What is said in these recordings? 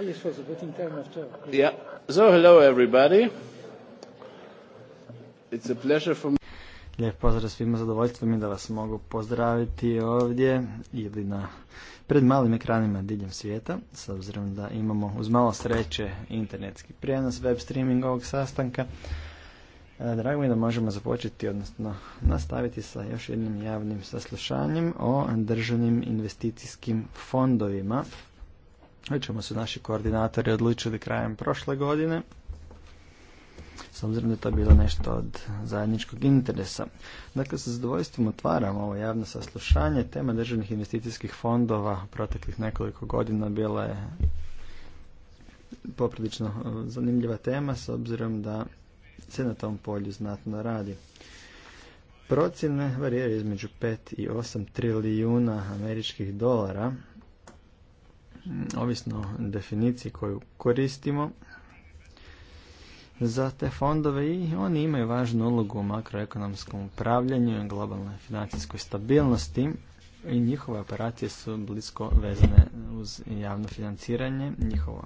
Yes, was a So, hello everybody. It's a pleasure for me. Lijep pozdrav svima, zadovoljstvo mi da vas mogu pozdraviti ovdje ili na pred malim ekranima diljem svijeta, s obzirom da imamo uz malo sreće internetski prijenos, web streaming ovog sastanka. E, drago mi da možemo započeti, odnosno nastaviti sa još jednim javnim saslušanjem o državnim investicijskim fondovima već ćemo su naši koordinatori odlučili krajem prošle godine s obzirom da je to bilo nešto od zajedničkog interesa. Dakle, sa zadovoljstvom otvaram ovo javno saslušanje. Tema državnih investicijskih fondova proteklih nekoliko godina bila je poprilično e, zanimljiva tema s obzirom da se na tom polju znatno radi. Procjene variraju između 5 i 8 trilijuna američkih dolara ovisno o definiciji koju koristimo za te fondove i oni imaju važnu ulogu u makroekonomskom upravljanju i globalnoj financijskoj stabilnosti i njihove operacije su blisko vezane uz javno financiranje, njihovo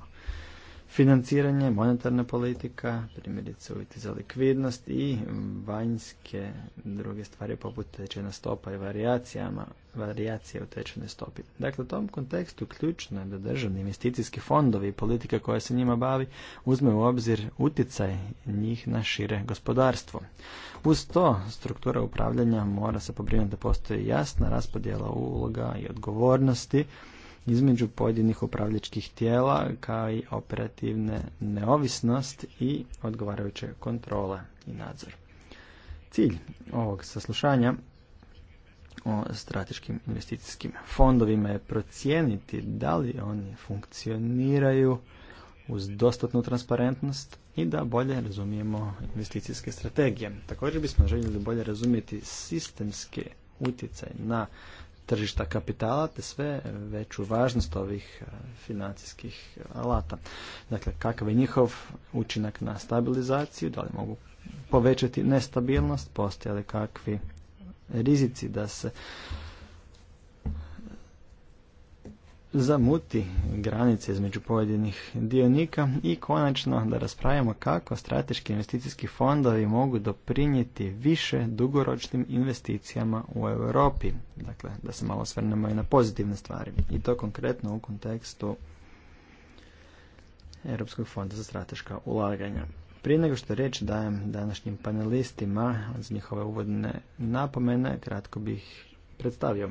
financiranje, monetarna politika, primjerice uvjeti za likvidnost i vanjske druge stvari poput tečajna stopa i variacijama varijacije u tečajnoj stopi. Dakle, u tom kontekstu ključno je da državni investicijski fondovi i politika koja se njima bavi uzme u obzir utjecaj njih na šire gospodarstvo. Uz to, struktura upravljanja mora se pobrinuti da postoji jasna raspodjela uloga i odgovornosti, između pojedinih upravljačkih tijela kao i operativne neovisnost i odgovarajuće kontrole i nadzor. Cilj ovog saslušanja o strateškim investicijskim fondovima je procijeniti da li oni funkcioniraju uz dostatnu transparentnost i da bolje razumijemo investicijske strategije. Također bismo željeli bolje razumjeti sistemske utjecaj na tržišta kapitala te sve veću važnost ovih e, financijskih alata. Dakle, kakav je njihov učinak na stabilizaciju, da li mogu povećati nestabilnost, postoje li kakvi rizici da se zamuti granice između pojedinih dionika i konačno da raspravimo kako strateški investicijski fondovi mogu doprinijeti više dugoročnim investicijama u Europi. Dakle, da se malo svrnemo i na pozitivne stvari. I to konkretno u kontekstu Europskog fonda za strateška ulaganja. Prije nego što reč dajem današnjim panelistima za njihove uvodne napomene, kratko bih predstavio.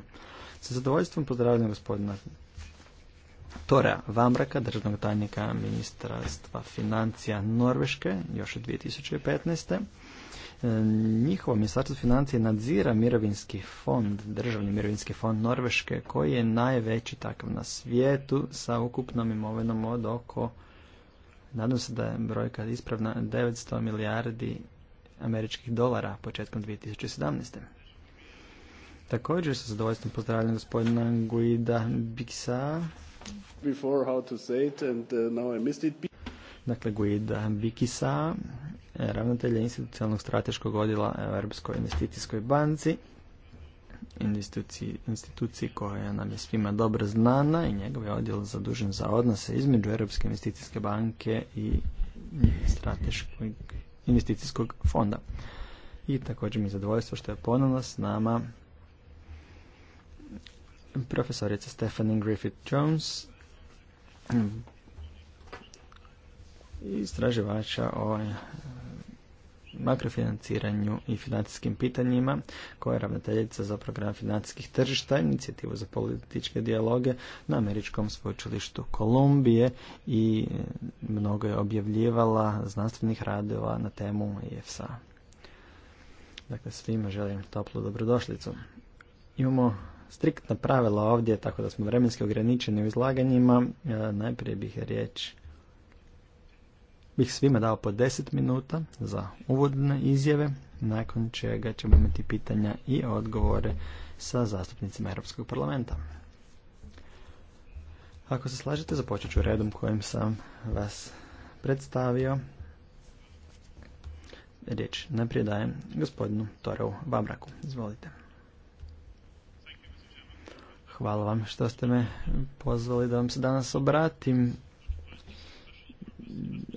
Sa zadovoljstvom pozdravljam gospodina Tora Vamraka, državnog tajnika ministarstva financija Norveške, još od 2015. Njihovo ministarstvo financije nadzira mirovinski fond, državni mirovinski fond Norveške, koji je najveći takav na svijetu sa ukupnom imovinom od oko, nadam se da je brojka ispravna, 900 milijardi američkih dolara početkom 2017. Također sa zadovoljstvom pozdravljam gospodina Guida Biksa, before how to say it and uh, Dakle, Guida Bikisa, ravnatelja institucionalnog strateškog odjela Europskoj investicijskoj banci, instituciji, instituciji koja nam je svima dobro znana i njegov je odjel zadužen za odnose između Europske investicijske banke i strateškog investicijskog fonda. I također mi je zadovoljstvo što je ponovno s nama profesorica Stephanie Griffith-Jones, mm, istraživača o eh, makrofinanciranju i financijskim pitanjima, koja je ravnateljica za program financijskih tržišta, inicijativu za političke dijaloge na Američkom sveučilištu Kolumbije i eh, mnogo je objavljivala znanstvenih radova na temu EFSA. Dakle, svima želim toplu dobrodošlicu. Imamo striktna pravila ovdje, tako da smo vremenski ograničeni u izlaganjima. E, najprije bih riječ bih svima dao po 10 minuta za uvodne izjave, nakon čega ćemo imati pitanja i odgovore sa zastupnicima Europskog parlamenta. Ako se slažete, započet ću redom kojim sam vas predstavio. Riječ najprije dajem gospodinu Toreu Babraku. Izvolite. Hvala vam što ste me pozvali da vam se danas obratim.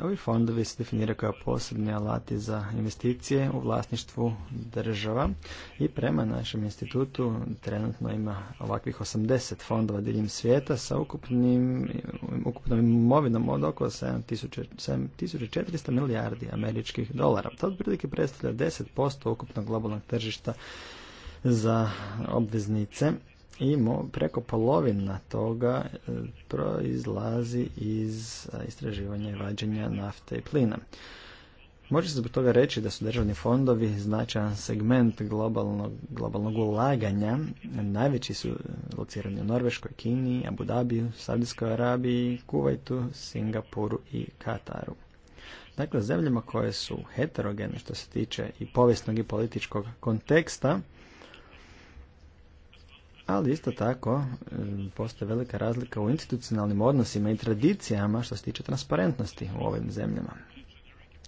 Ovi fondovi se definiraju kao posebni alati za investicije u vlasništvu država i prema našem institutu trenutno ima ovakvih 80 fondova diljem svijeta sa ukupnim, ukupnom imovinom od oko 7400 milijardi američkih dolara. To otprilike predstavlja 10% ukupnog globalnog tržišta za obveznice i preko polovina toga e, proizlazi iz istraživanja i vađenja nafte i plina. Može se zbog toga reći da su državni fondovi značajan segment globalnog, globalnog ulaganja. Najveći su e, locirani u Norveškoj, Kini, Abu Dhabi, Saudijskoj Arabiji, Kuvajtu, Singapuru i Kataru. Dakle, zemljama koje su heterogene što se tiče i povijesnog i političkog konteksta, ali isto tako e, postoji velika razlika u institucionalnim odnosima i tradicijama što se tiče transparentnosti u ovim zemljama.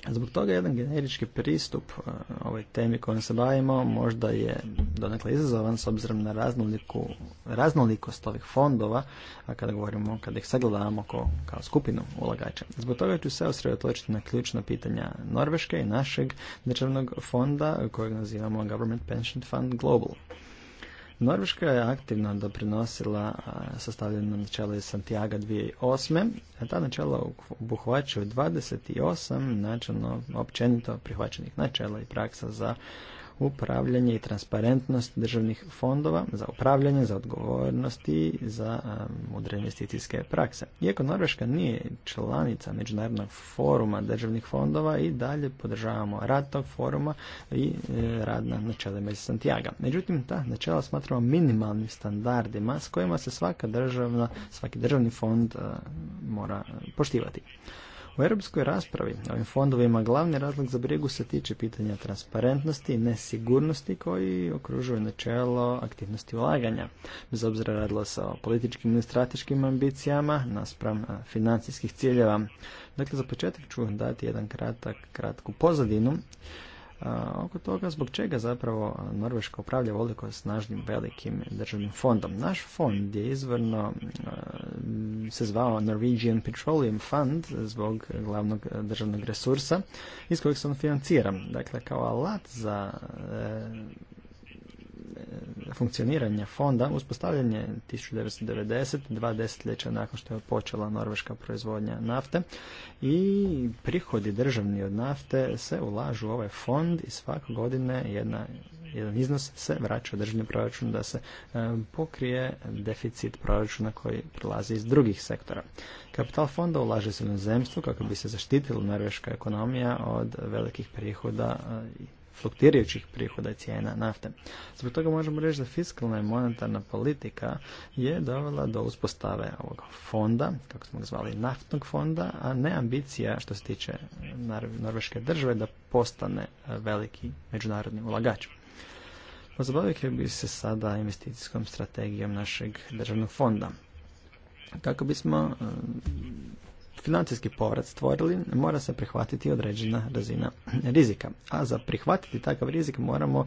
Zbog toga jedan generički pristup e, ovoj temi kojom se bavimo možda je donekle izazovan s obzirom na raznolikost ovih fondova, a kada govorimo, kada ih sagledamo kao skupinu ulagača. Zbog toga ću se osredotočiti na ključna pitanja Norveške i našeg državnog fonda kojeg nazivamo Government Pension Fund Global. Norveška je aktivno doprinosila sastavljeno načela iz Santiago 2008. A ta načela obuhvaćaju 28 načelno općenito prihvaćenih načela i praksa za upravljanje i transparentnost državnih fondova za upravljanje, za odgovornost i za mudre investicijske prakse. Iako Norveška nije članica Međunarodnog foruma državnih fondova i dalje podržavamo rad tog foruma i e, rad na načelima iz Santiago. Međutim, ta načela smatramo minimalnim standardima s kojima se svaka državna, svaki državni fond mora poštivati. U europskoj raspravi ovim fondovima glavni razlog za brigu se tiče pitanja transparentnosti i nesigurnosti koji okružuje načelo aktivnosti ulaganja. Bez obzira radilo se o političkim i strateškim ambicijama naspram financijskih ciljeva. Dakle, za početak ću dati jedan kratak, kratku pozadinu oko toga zbog čega zapravo Norveška upravlja ovoliko snažnim velikim državnim fondom. Naš fond je izvorno se zvao Norwegian Petroleum Fund zbog glavnog državnog resursa iz kojeg se on financira. Dakle, kao alat za e, funkcioniranja fonda uspostavljen je 1990, dva desetljeća nakon što je počela norveška proizvodnja nafte i prihodi državni od nafte se ulažu u ovaj fond i svake godine jedna, jedan iznos se vraća u državni proračun da se e, pokrije deficit proračuna koji prelazi iz drugih sektora. Kapital fonda ulaže se na zemstvu kako bi se zaštitila norveška ekonomija od velikih prihoda i e, fluktirajućih prihoda cijena nafte. Zbog toga možemo reći da fiskalna i monetarna politika je dovela do uspostave ovog fonda, kako smo ga zvali naftnog fonda, a ne ambicija što se tiče norveške države da postane e, veliki međunarodni ulagač. Pozabavio bi se sada investicijskom strategijom našeg državnog fonda kako bismo e, financijski povrat stvorili, mora se prihvatiti određena razina rizika. A za prihvatiti takav rizik moramo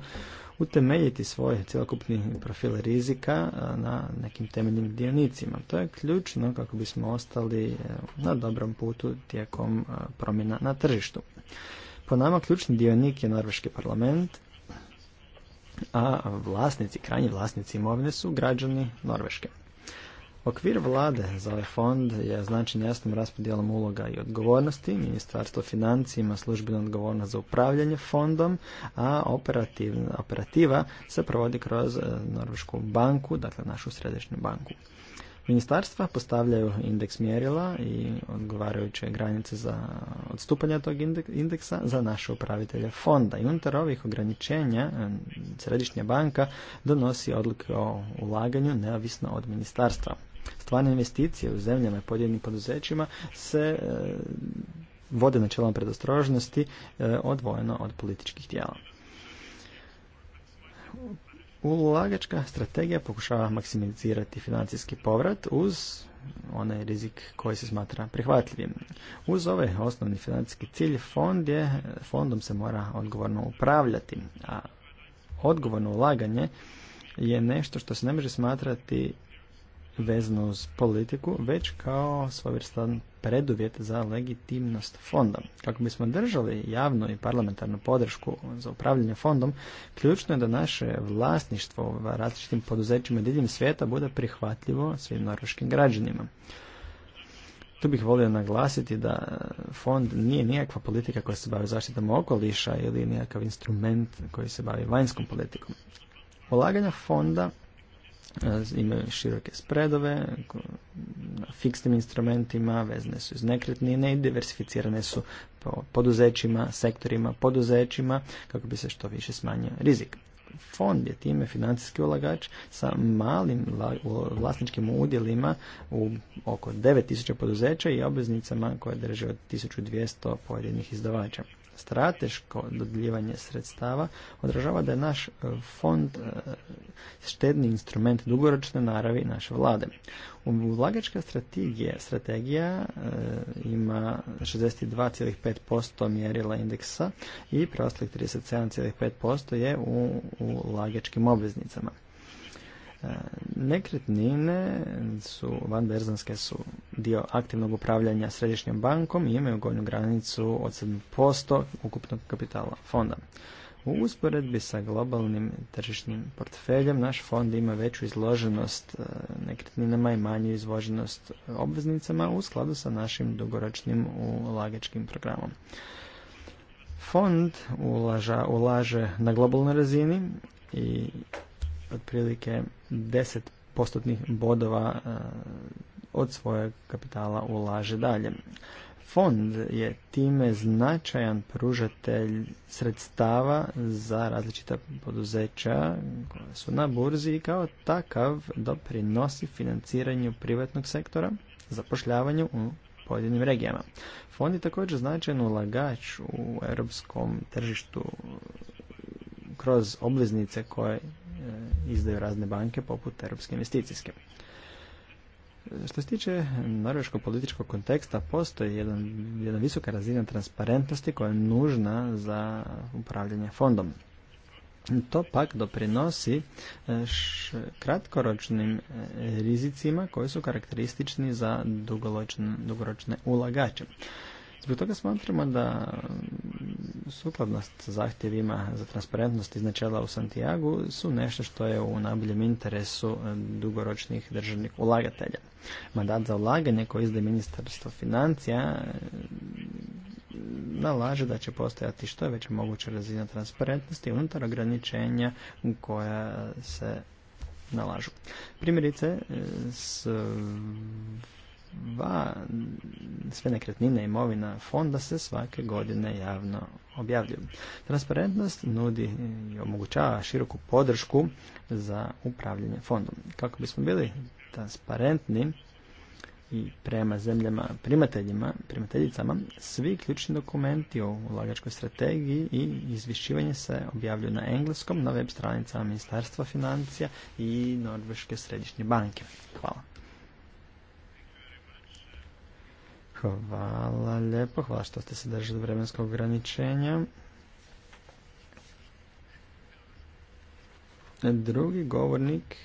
utemeljiti svoj cjelokupni profil rizika na nekim temeljnim dionicima. To je ključno kako bismo ostali e, na dobrom putu tijekom promjena na tržištu. Po nama ključni dionik je Norveški parlament, a vlasnici, krajnji vlasnici imovine su građani Norveške. Okvir vlade za ovaj fond je značen jasnom raspodjelom uloga i odgovornosti. Ministarstvo financija ima službenu odgovornost za upravljanje fondom, a operativa se provodi kroz e, Norvešku banku, dakle našu središnju banku. Ministarstva postavljaju indeks mjerila i odgovarajuće granice za odstupanje tog indeksa za naše upravitelje fonda. I unutar ovih ograničenja e, Središnja banka donosi odluke o ulaganju neovisno od ministarstva plan investicije u zemljama i pojedinim poduzećima se e, vode načelom predostrožnosti e, odvojeno od političkih tijela. Ulagačka strategija pokušava maksimizirati financijski povrat uz onaj rizik koji se smatra prihvatljivim. Uz ovaj osnovni financijski cilj fond je, fondom se mora odgovorno upravljati, a odgovorno ulaganje je nešto što se ne može smatrati vezano uz politiku, već kao svojvrstan preduvjet za legitimnost fonda. Kako bismo držali javnu i parlamentarnu podršku za upravljanje fondom, ključno je da naše vlasništvo u različitim poduzećima diljem svijeta bude prihvatljivo svim norveškim građanima. Tu bih volio naglasiti da fond nije nijakva politika koja se bavi zaštitom okoliša ili nijakav instrument koji se bavi vanjskom politikom. Ulaganja fonda E, imaju široke spredove, na fiksnim instrumentima, vezne su iz nekretnine i diversificirane su po poduzećima, sektorima, poduzećima, kako bi se što više smanjio rizik. Fond je time financijski ulagač sa malim vlasničkim udjelima u oko 9000 poduzeća i obveznicama koje drže od 1200 pojedinih izdavača strateško dodljivanje sredstava odražava da je naš e, fond e, štedni instrument dugoročne naravi naše vlade. Ulagačka strategija, strategija e, ima 62,5% mjerila indeksa i preostalih 37,5% je u ulagačkim obveznicama. E, nekretnine su, Berzanske su dio aktivnog upravljanja središnjom bankom i imaju gornju granicu od 7% ukupnog kapitala fonda. U usporedbi sa globalnim tržišnim portfeljem naš fond ima veću izloženost e, nekretninama i manju izloženost obveznicama u skladu sa našim dugoročnim ulagačkim programom. Fond ulaža, ulaže na globalnoj razini i otprilike 10 postotnih bodova e, od svojeg kapitala ulaže dalje. Fond je time značajan pružatelj sredstava za različita poduzeća koja su na burzi i kao takav doprinosi financiranju privatnog sektora, zapošljavanju u pojedinim regijama. Fond je također značajan ulagač u europskom tržištu kroz obveznice koje e, izdaju razne banke poput Europske investicijske. Što se tiče norveškog političkog konteksta, postoji jedan, jedna visoka razina transparentnosti koja je nužna za upravljanje fondom. To pak doprinosi e, kratkoročnim e, rizicima koji su karakteristični za dugoročne ulagače. Zbog toga smatramo da sukladnost zahtjevima za transparentnost iz načela u Santiago su nešto što je u najboljem interesu e, dugoročnih državnih ulagatelja. Mandat za ulaganje koji izde ministarstvo financija e, nalaže da će postojati što je već moguća razina transparentnosti unutar ograničenja koja se nalažu. Primjerice, e, s Va, sve nekretnine imovina fonda se svake godine javno objavljuju. Transparentnost nudi i omogućava široku podršku za upravljanje fondom. Kako bismo bili transparentni i prema zemljama primateljima, primateljicama, svi ključni dokumenti o ulagačkoj strategiji i izvješćivanje se objavljuju na engleskom na web stranicama Ministarstva financija i Norveške središnje banke. Hvala. Hvala lijepo, hvala što ste se držali vremenskog ograničenja. Drugi govornik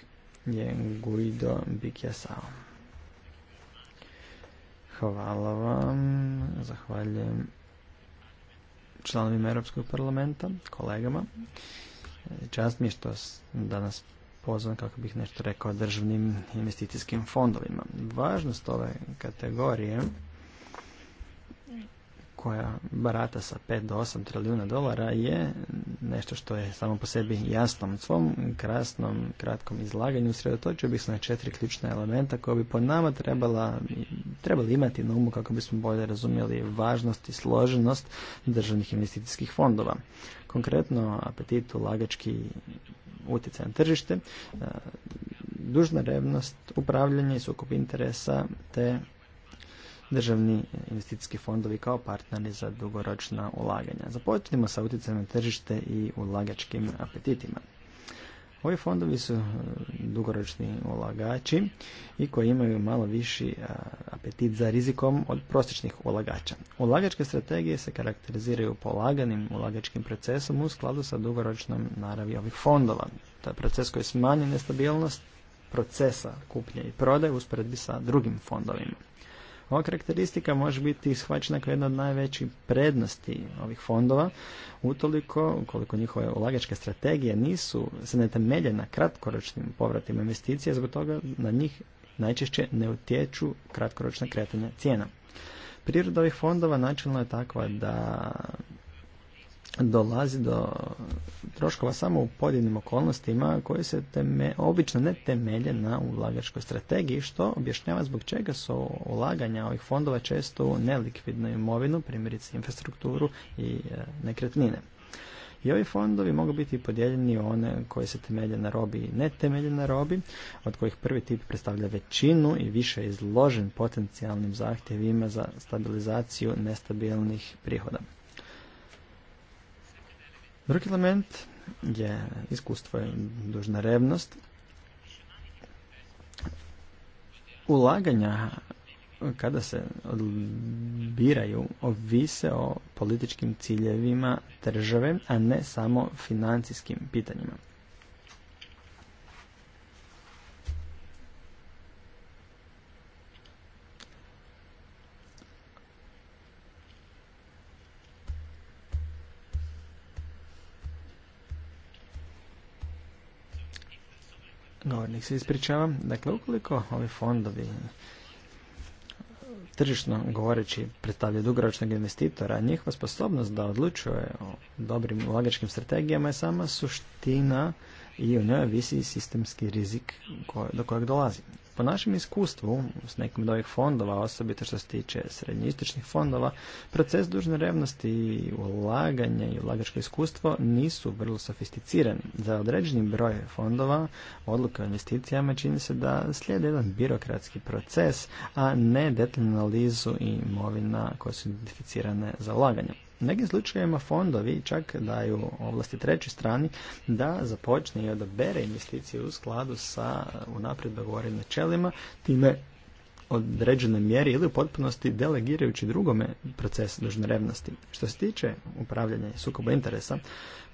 je Guido Bikjasao. Hvala vam, zahvaljujem članovima Europskog parlamenta, kolegama. Čast mi je što danas pozvan kako bih nešto rekao državnim investicijskim fondovima. Važnost ove kategorije koja barata sa 5 do 8 trilijuna dolara je nešto što je samo po sebi jasno. svom krasnom, kratkom izlaganju sredotočio bih se na četiri ključna elementa koja bi po nama trebala, trebali imati na umu kako bismo bolje razumjeli važnost i složenost državnih investicijskih fondova. Konkretno apetit ulagački utjecaj na tržište, eh, dužna revnost, upravljanje i sukob interesa te državni investicijski fondovi kao partneri za dugoročna ulaganja. Započnimo sa utjecajem na tržište i ulagačkim apetitima. Ovi fondovi su e, dugoročni ulagači i koji imaju malo viši apetit za rizikom od prosječnih ulagača. Ulagačke strategije se karakteriziraju polaganim ulagačkim procesom u skladu sa dugoročnom naravi ovih fondova. To je proces koji smanji nestabilnost procesa kupnje i prodaje usporedbi sa drugim fondovima. Ova karakteristika može biti shvaćena kao jedna od najvećih prednosti ovih fondova, utoliko koliko njihove ulagačke strategije nisu se ne temelje na kratkoročnim povratima investicija, zbog toga na njih najčešće ne utječu kratkoročna kretanja cijena. Priroda ovih fondova načelno je takva da dolazi do troškova samo u pojedinim okolnostima koje se teme, obično ne temelje na ulagačkoj strategiji, što objašnjava zbog čega su ulaganja ovih fondova često u nelikvidnu imovinu, primjerice infrastrukturu i e, nekretnine. I ovi fondovi mogu biti podijeljeni u one koje se temelje na robi i ne temelje na robi, od kojih prvi tip predstavlja većinu i više izložen potencijalnim zahtjevima za stabilizaciju nestabilnih prihoda. Drugi element je iskustvo i dužna revnost. Ulaganja kada se biraju ovise o političkim ciljevima države, a ne samo financijskim pitanjima. Govornik se ispričava. Dakle, ukoliko ovi fondovi eh, tržišno govoreći predstavljaju dugoročnog investitora, njihova sposobnost da odlučuje o dobrim ulagačkim strategijama je sama suština i u njoj visi sistemski rizik do kojeg dolazi. Po našem iskustvu s nekim od ovih fondova, osobito što se tiče srednjističnih fondova, proces dužne revnosti i ulaganje i ulagačko iskustvo nisu vrlo sofisticirani. Za određeni broj fondova odluka o investicijama čini se da slijede jedan birokratski proces, a ne detaljnu analizu i imovina koje su identificirane za ulaganje nekim slučajevima fondovi čak daju ovlasti trećoj strani da započne i odabere investicije u skladu sa uh, unaprijed dogovorenim načelima, time određene mjeri ili u potpunosti delegirajući drugome proces revnosti. Što se tiče upravljanja sukoba interesa,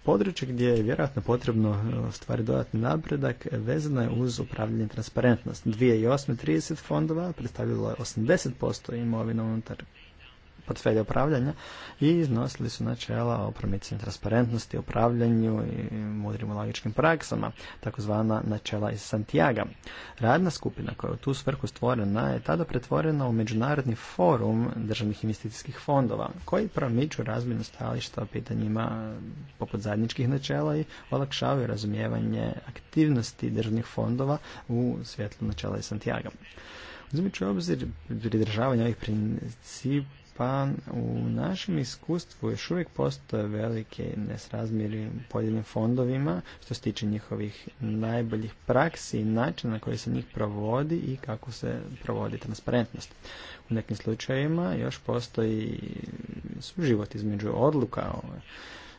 područje gdje je vjerojatno potrebno uh, stvari dodatni napredak vezano je uz upravljanje transparentnost. 2008. 30 fondova predstavilo je 80% imovina unutar portfelja upravljanja i iznosili su načela o promicanju transparentnosti, upravljanju i mudrim logičkim praksama, takozvana načela iz Santiago. Radna skupina koja je u tu svrhu stvorena je tada pretvorena u Međunarodni forum državnih investicijskih fondova koji promiču razmjenu stajališta o pitanjima poput zajedničkih načela i olakšavaju razumijevanje aktivnosti državnih fondova u svjetlu načela iz Santiago. Uzimajući u obzir pridržavanja ovih principa, pa u našem iskustvu još uvijek postoje velike nesrazmjeri u pojedinim fondovima što se tiče njihovih najboljih praksi i načina na koji se njih provodi i kako se provodi transparentnost. U nekim slučajevima još postoji život između odluka o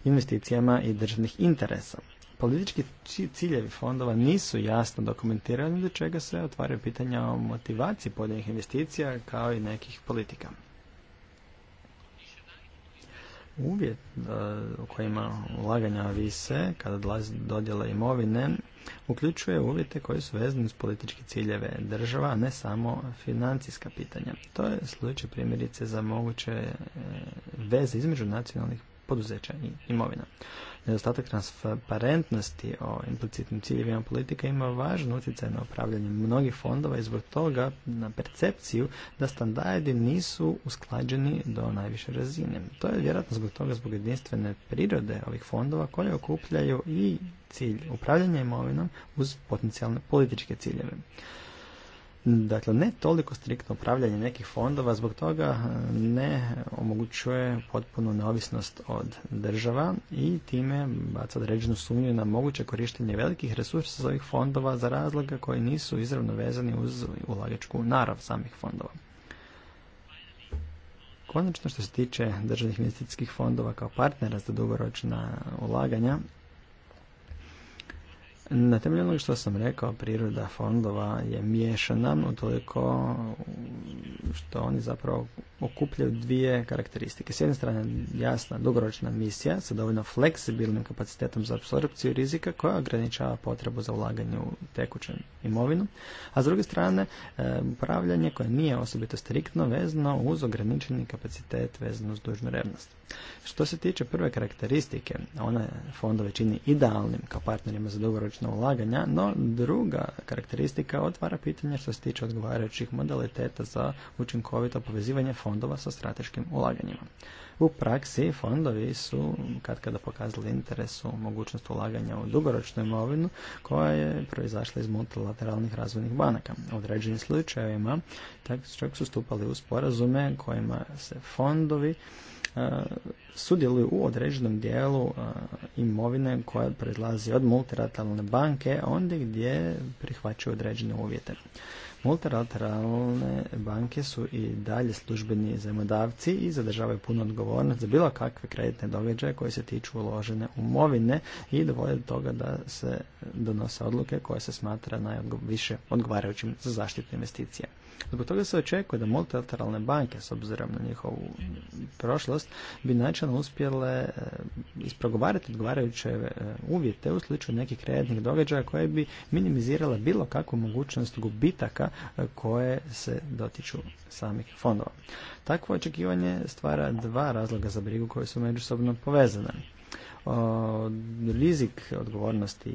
investicijama i državnih interesa. Politički ciljevi fondova nisu jasno dokumentirani, do čega se otvaraju pitanja o motivaciji pojedinih investicija kao i nekih politika uvjet u e, kojima ulaganja vise kada dolazi dodjela imovine uključuje uvjete koji su vezani uz političke ciljeve država, a ne samo financijska pitanja. To je slučaj primjerice za moguće e, veze između nacionalnih poduzeća i imovina. Nedostatak transparentnosti o implicitnim ciljevima politika ima važan utjecaj na upravljanje mnogih fondova i zbog toga na percepciju da standardi nisu usklađeni do najviše razine. To je vjerojatno zbog toga zbog jedinstvene prirode ovih fondova koje okupljaju i cilj upravljanja imovinom uz potencijalne političke ciljeve. Dakle, ne toliko striktno upravljanje nekih fondova, zbog toga eh, ne omogućuje potpunu neovisnost od država i time baca određenu sumnju na moguće korištenje velikih resursa ovih fondova za razloga koji nisu izravno vezani uz ulagačku narav samih fondova. Konačno što se tiče državnih investicijskih fondova kao partnera za dugoročna ulaganja, na temelju onoga što sam rekao, priroda fondova je miješana utoliko što oni zapravo okupljaju dvije karakteristike. S jedne strane jasna dugoročna misija sa dovoljno fleksibilnim kapacitetom za apsorpciju rizika koja ograničava potrebu za ulaganje u tekuću imovinu, a s druge strane e, upravljanje koje nije osobito striktno vezano uz ograničeni kapacitet vezano uz dužnu revnost. Što se tiče prve karakteristike, one fondove čini idealnim kao partnerima za dugoročno ulaganja, no druga karakteristika otvara pitanje što se tiče odgovarajućih modaliteta za učinkovito povezivanje fondova sa strateškim ulaganjima. U praksi fondovi su kad kada pokazali interes u mogućnost ulaganja u dugoročnu imovinu koja je proizašla iz multilateralnih razvojnih banaka. U određenim slučajevima čak su stupali u sporazume kojima se fondovi E, sudjeluju u određenom dijelu e, imovine koja predlazi od multilateralne banke ondje gdje prihvaćaju određene uvjete. Multilateralne banke su i dalje službeni zajmodavci i zadržavaju puno odgovornost za bilo kakve kreditne događaje koje se tiču uložene umovine i dovolje do toga da se donose odluke koje se smatra najviše odgovarajućim za zaštitu investicija. Zbog toga se očekuje da multilateralne banke, s obzirom na njihovu prošlost, bi načelno uspjele e, isprogovarati odgovarajuće e, uvjete u slučaju nekih kreditnih događaja koje bi minimizirala bilo kakvu mogućnost gubitaka e, koje se dotiču samih fondova. Takvo očekivanje stvara dva razloga za brigu koje su međusobno povezane rizik odgovornosti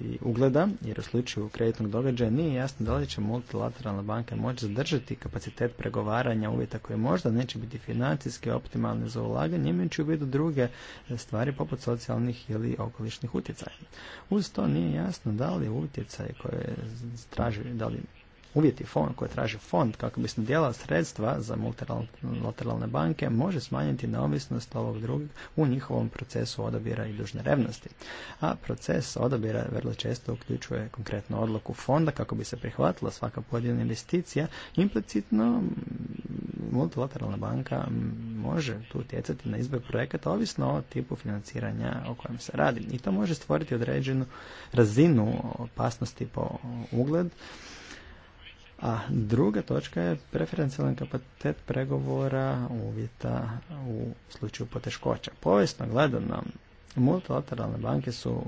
i ugleda, jer u slučaju kreditnog događaja nije jasno da li će multilateralna banka moći zadržati kapacitet pregovaranja uvjeta koje možda neće biti financijski optimalni za ulaganje, imajući u vidu druge stvari poput socijalnih ili okolišnih utjecaja. Uz to nije jasno da li utjecaj koje straži, da li uvjeti fond koje traži fond kako bi se dijela sredstva za multilateralne banke može smanjiti neovisnost ovog drugog u njihovom procesu odabira i dužne revnosti. A proces odabira vrlo često uključuje konkretno odluku fonda kako bi se prihvatila svaka pojedina investicija. Implicitno multilateralna banka može tu utjecati na izbor projekata ovisno o tipu financiranja o kojem se radi. I to može stvoriti određenu razinu opasnosti po ugled a druga točka je preferencijalni kapacitet pregovora uvjeta u slučaju poteškoća. Povijesno gledano, Multilateralne banke su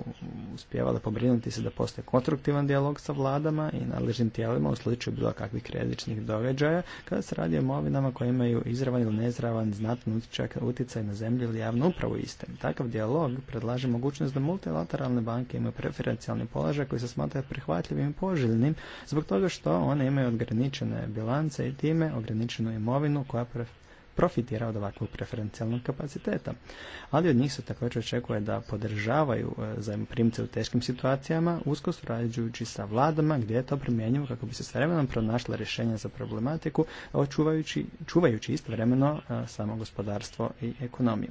uspjevale pobrinuti se da postoje konstruktivan dijalog sa vladama i nadležnim tijelima u slučaju bilo kakvih kredičnih događaja kada se radi o imovinama koje imaju izravan ili neizravan znatan utjecaj na zemlju ili javnu upravu iste. Takav dijalog predlaže mogućnost da multilateralne banke imaju preferencijalni položaj koji se smatra prihvatljivim i poželjnim zbog toga što one imaju ograničene bilance i time ograničenu imovinu koja profitira od ovakvog preferencijalnog kapaciteta. Ali od njih se također očekuje da podržavaju e, zajmoprimce u teškim situacijama, usko surađujući sa vladama gdje je to primjenjivo kako bi se s vremenom pronašla rješenja za problematiku, očuvajući, čuvajući istovremeno e, samo gospodarstvo i ekonomiju.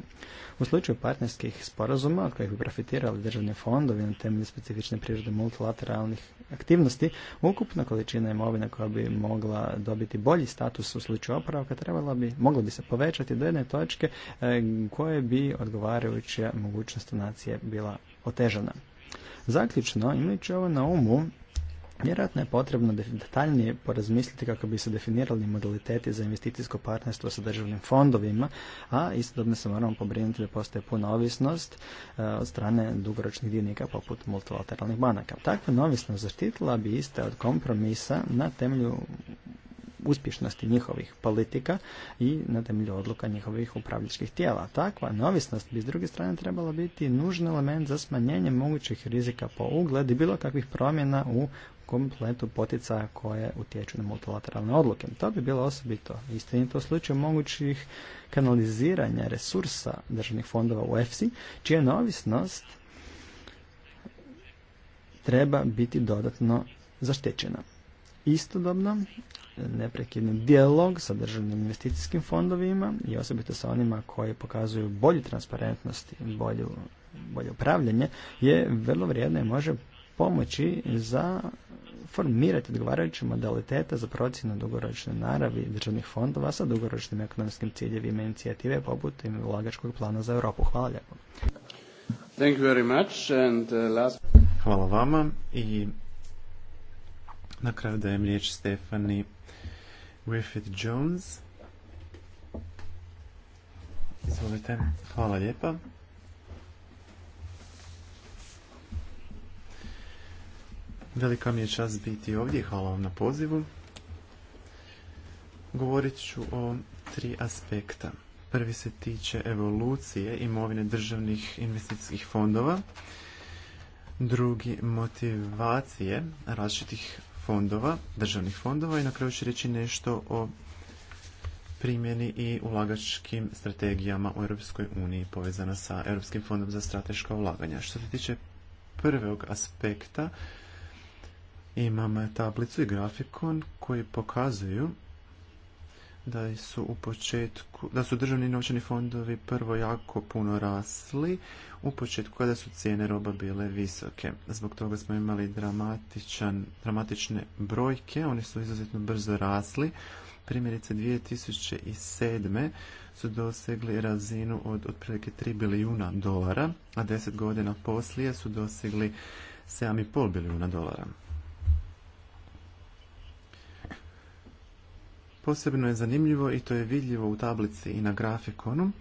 U slučaju partnerskih sporazuma od kojih bi profitirali državni fondovi na temelju specifične prirode multilateralnih aktivnosti, ukupna količina imovina koja bi mogla dobiti bolji status u slučaju oporavka trebala bi, mogla bi se povećati do jedne točke e, koje bi odgovarajuća mogućnost donacije bila otežana. Zaključno, imajući ovo na umu, Vjerojatno je potrebno detaljnije porazmisliti kako bi se definirali modaliteti za investicijsko partnerstvo sa državnim fondovima, a istodobno se moramo pobrinuti da postoje puna ovisnost e, od strane dugoročnih dionika poput multilateralnih banaka. Takva novisnost zaštitila bi iste od kompromisa na temelju uspješnosti njihovih politika i na temelju odluka njihovih upravljačkih tijela. Takva neovisnost bi s druge strane trebala biti nužni element za smanjenje mogućih rizika po ugled i bilo kakvih promjena u kompletu potica koje utječu na multilateralne odluke. To bi bilo osobito istinito u slučaju mogućih kanaliziranja resursa državnih fondova u EFSI, čija neovisnost treba biti dodatno zaštećena. Istodobno, neprekidni dijalog sa državnim investicijskim fondovima i osobito sa onima koji pokazuju bolju transparentnost i bolje upravljanje je vrlo vrijedno i može pomoći za formirati odgovarajuće modaliteta za procjenu dugoročne naravi državnih fondova sa dugoročnim ekonomskim ciljevima inicijative poput ulagačkog plana za Europu. Hvala lijepo. Uh, Hvala vama i na kraju dajem riječ Stefani Griffith-Jones. Izvolite. Hvala lijepa. Velika mi je čast biti ovdje hvala vam na pozivu. Govorit ću o tri aspekta. Prvi se tiče evolucije imovine državnih investicijskih fondova, drugi motivacije različitih fondova, državnih fondova i na kraju ću reći nešto o primjeni i ulagačkim strategijama u Europskoj uniji povezana sa Europskim fondom za strateška ulaganja. Što se tiče prvog aspekta, imam tablicu i grafikon koji pokazuju da su u početku, da su državni novčani fondovi prvo jako puno rasli u početku kada su cijene roba bile visoke. Zbog toga smo imali dramatičan, dramatične brojke, oni su izuzetno brzo rasli. Primjerice 2007. su dosegli razinu od otprilike 3 bilijuna dolara, a 10 godina poslije su dosegli 7,5 bilijuna dolara. posebno je zanimljivo i to je vidljivo u tablici i na grafikonu,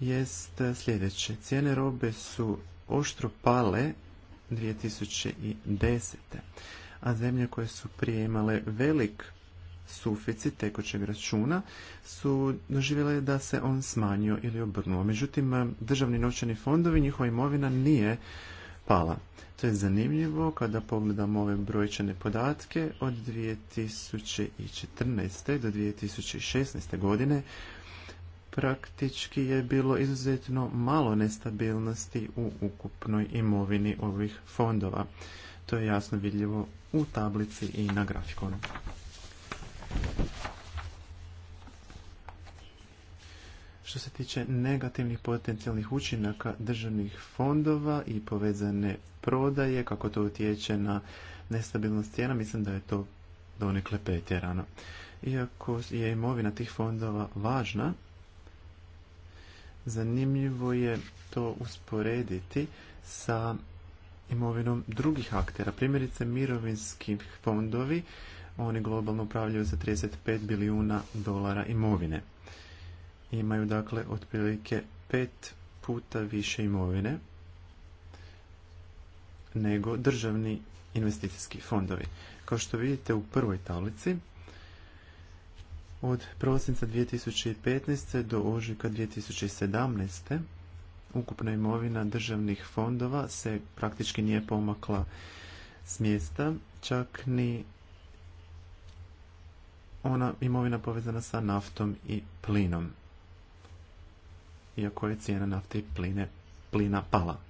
jest sljedeće. Cijene robe su oštro pale 2010. A zemlje koje su prije imale velik suficit tekućeg računa su doživjele da se on smanjio ili obrnuo. Međutim, državni novčani fondovi, njihova imovina nije pala. To je zanimljivo kada pogledamo ove brojčane podatke od 2014. do 2016. godine praktički je bilo izuzetno malo nestabilnosti u ukupnoj imovini ovih fondova. To je jasno vidljivo u tablici i na grafikonu. Što se tiče negativnih potencijalnih učinaka državnih fondova i povezane prodaje, kako to utječe na nestabilnost cijena, mislim da je to donekle petjerano. Iako je imovina tih fondova važna, zanimljivo je to usporediti sa imovinom drugih aktera. Primjerice mirovinski fondovi, oni globalno upravljaju za 35 bilijuna dolara imovine imaju dakle otprilike pet puta više imovine nego državni investicijski fondovi. Kao što vidite u prvoj tablici, od prosinca 2015. do ožujka 2017. ukupna imovina državnih fondova se praktički nije pomakla s mjesta, čak ni ona imovina povezana sa naftom i plinom iako je cijena nafte i plina pala.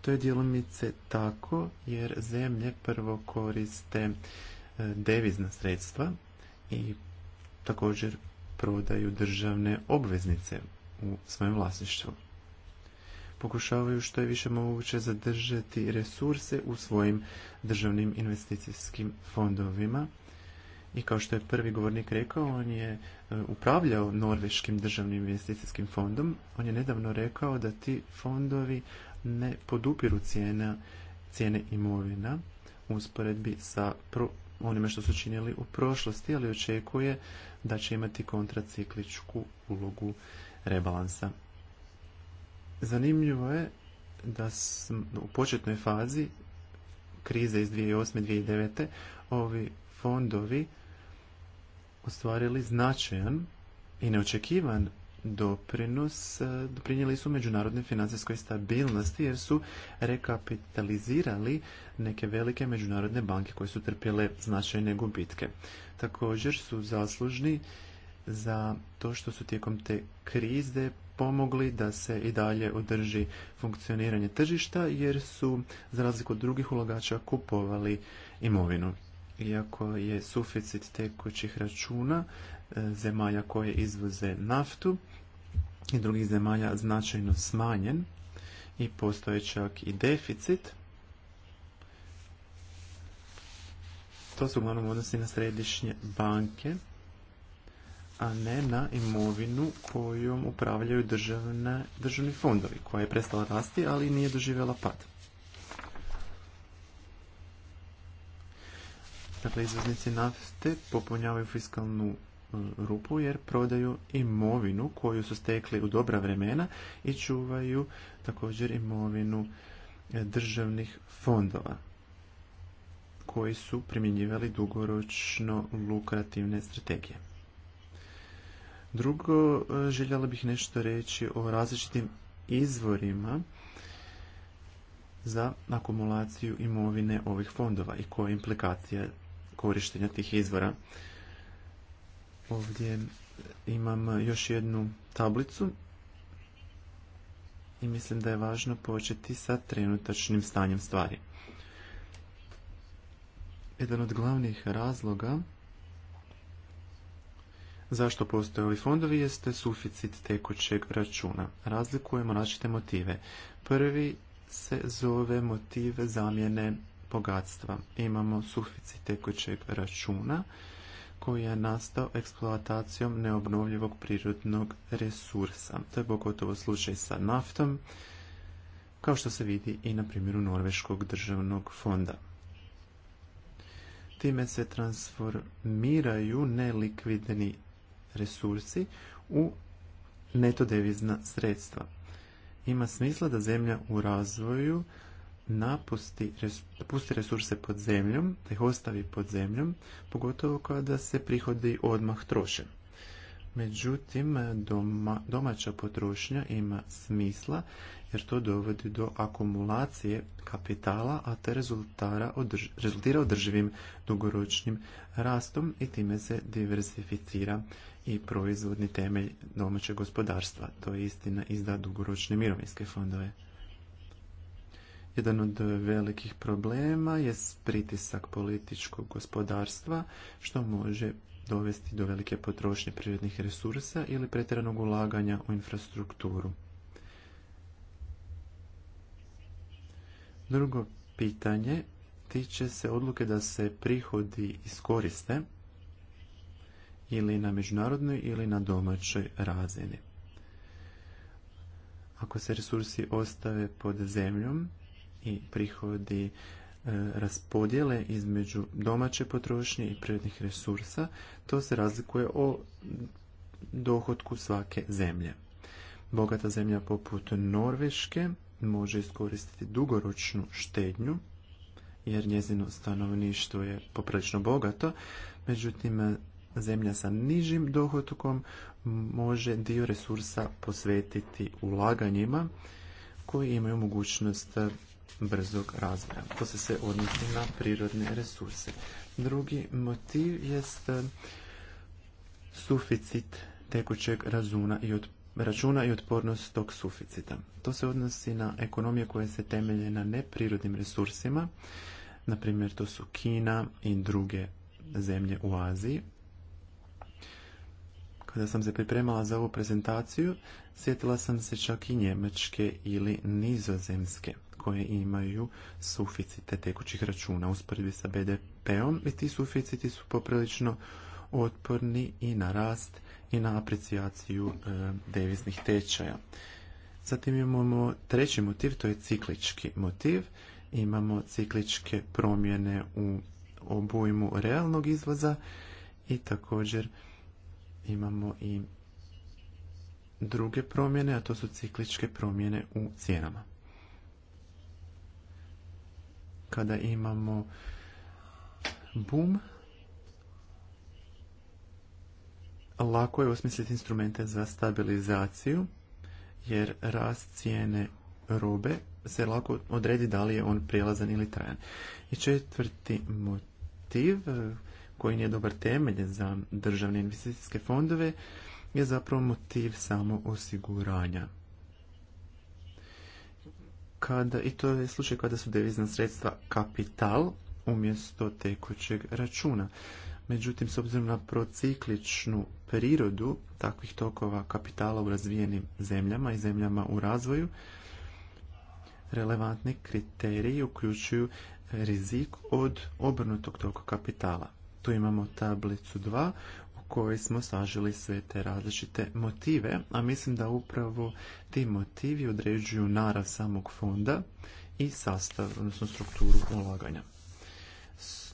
To je djelomice tako jer zemlje prvo koriste e, devizna sredstva i također prodaju državne obveznice u svojem vlasništvu. Pokušavaju što je više moguće zadržati resurse u svojim državnim investicijskim fondovima i kao što je prvi govornik rekao, on je e, upravljao Norveškim državnim investicijskim fondom. On je nedavno rekao da ti fondovi ne podupiru cijena, cijene imovina u usporedbi sa pro, onime što su činili u prošlosti, ali očekuje da će imati kontracikličku ulogu rebalansa. Zanimljivo je da u početnoj fazi krize iz 2008. i 2009. ovi fondovi ostvarili značajan i neočekivan doprinos e, doprinijeli su međunarodnoj financijskoj stabilnosti jer su rekapitalizirali neke velike međunarodne banke koje su trpjele značajne gubitke. Također su zaslužni za to što su tijekom te krize pomogli da se i dalje održi funkcioniranje tržišta jer su za razliku od drugih ulagača kupovali imovinu iako je suficit tekućih računa e, zemalja koje izvoze naftu i drugih zemalja značajno smanjen i postoje čak i deficit. To su uglavnom odnosi na središnje banke, a ne na imovinu kojom upravljaju državni fondovi, koja je prestala rasti, ali nije doživjela pad. Dakle, izvoznici nafte popunjavaju fiskalnu e, rupu jer prodaju imovinu koju su stekli u dobra vremena i čuvaju također imovinu e, državnih fondova koji su primjenjivali dugoročno lukrativne strategije. Drugo, e, željela bih nešto reći o različitim izvorima za akumulaciju imovine ovih fondova i koje implikacije korištenja tih izvora. Ovdje imam još jednu tablicu i mislim da je važno početi sa trenutačnim stanjem stvari. Jedan od glavnih razloga zašto postoje ovi fondovi jeste suficit tekućeg računa. Razlikujemo različite motive. Prvi se zove motiv zamjene bogatstva. Imamo suficit tekućeg računa koji je nastao eksploatacijom neobnovljivog prirodnog resursa. To je pogotovo slučaj sa naftom, kao što se vidi i na primjeru Norveškog državnog fonda. Time se transformiraju nelikvidni resursi u netodevizna sredstva. Ima smisla da zemlja u razvoju napusti, pusti resurse pod zemljom, da ih ostavi pod zemljom, pogotovo kada se prihodi odmah troše. Međutim, domaća potrošnja ima smisla jer to dovodi do akumulacije kapitala, a te rezultira održivim dugoročnim rastom i time se diversificira i proizvodni temelj domaćeg gospodarstva. To je istina izda dugoročne mirovinske fondove. Jedan od velikih problema je pritisak političkog gospodarstva, što može dovesti do velike potrošnje prirodnih resursa ili pretjeranog ulaganja u infrastrukturu. Drugo pitanje tiče se odluke da se prihodi iskoriste ili na međunarodnoj ili na domaćoj razini. Ako se resursi ostave pod zemljom, i prihodi e, raspodjele između domaće potrošnje i prirodnih resursa, to se razlikuje o dohotku svake zemlje. Bogata zemlja poput Norveške može iskoristiti dugoročnu štednju, jer njezino stanovništvo je poprilično bogato, međutim zemlja sa nižim dohotkom može dio resursa posvetiti ulaganjima koji imaju mogućnost brzog razvoja. To se sve odnosi na prirodne resurse. Drugi motiv jest e, suficit tekućeg razuna i od, računa i otpornost tog suficita. To se odnosi na ekonomije koje se temelje na neprirodnim resursima, na primjer to su Kina i druge zemlje u Aziji. Kada sam se pripremala za ovu prezentaciju, sjetila sam se čak i Njemačke ili Nizozemske koje imaju suficite tekućih računa usporedbi sa BDP-om i ti suficiti su poprilično otporni i na rast i na aprecijaciju e, deviznih tečaja. Zatim imamo treći motiv, to je ciklički motiv. Imamo cikličke promjene u obujmu realnog izvoza i također imamo i druge promjene, a to su cikličke promjene u cijenama kada imamo boom, lako je osmisliti instrumente za stabilizaciju, jer rast cijene robe se lako odredi da li je on prijelazan ili trajan. I četvrti motiv eh, koji nije dobar temelj za državne investicijske fondove je zapravo motiv samo osiguranja i to je slučaj kada su devizna sredstva kapital umjesto tekućeg računa. Međutim, s obzirom na procikličnu prirodu takvih tokova kapitala u razvijenim zemljama i zemljama u razvoju, relevantni kriteriji uključuju rizik od obrnutog toka kapitala. Tu imamo tablicu 2 koji smo sažili sve te različite motive, a mislim da upravo ti motivi određuju narav samog fonda i sastav, odnosno strukturu ulaganja.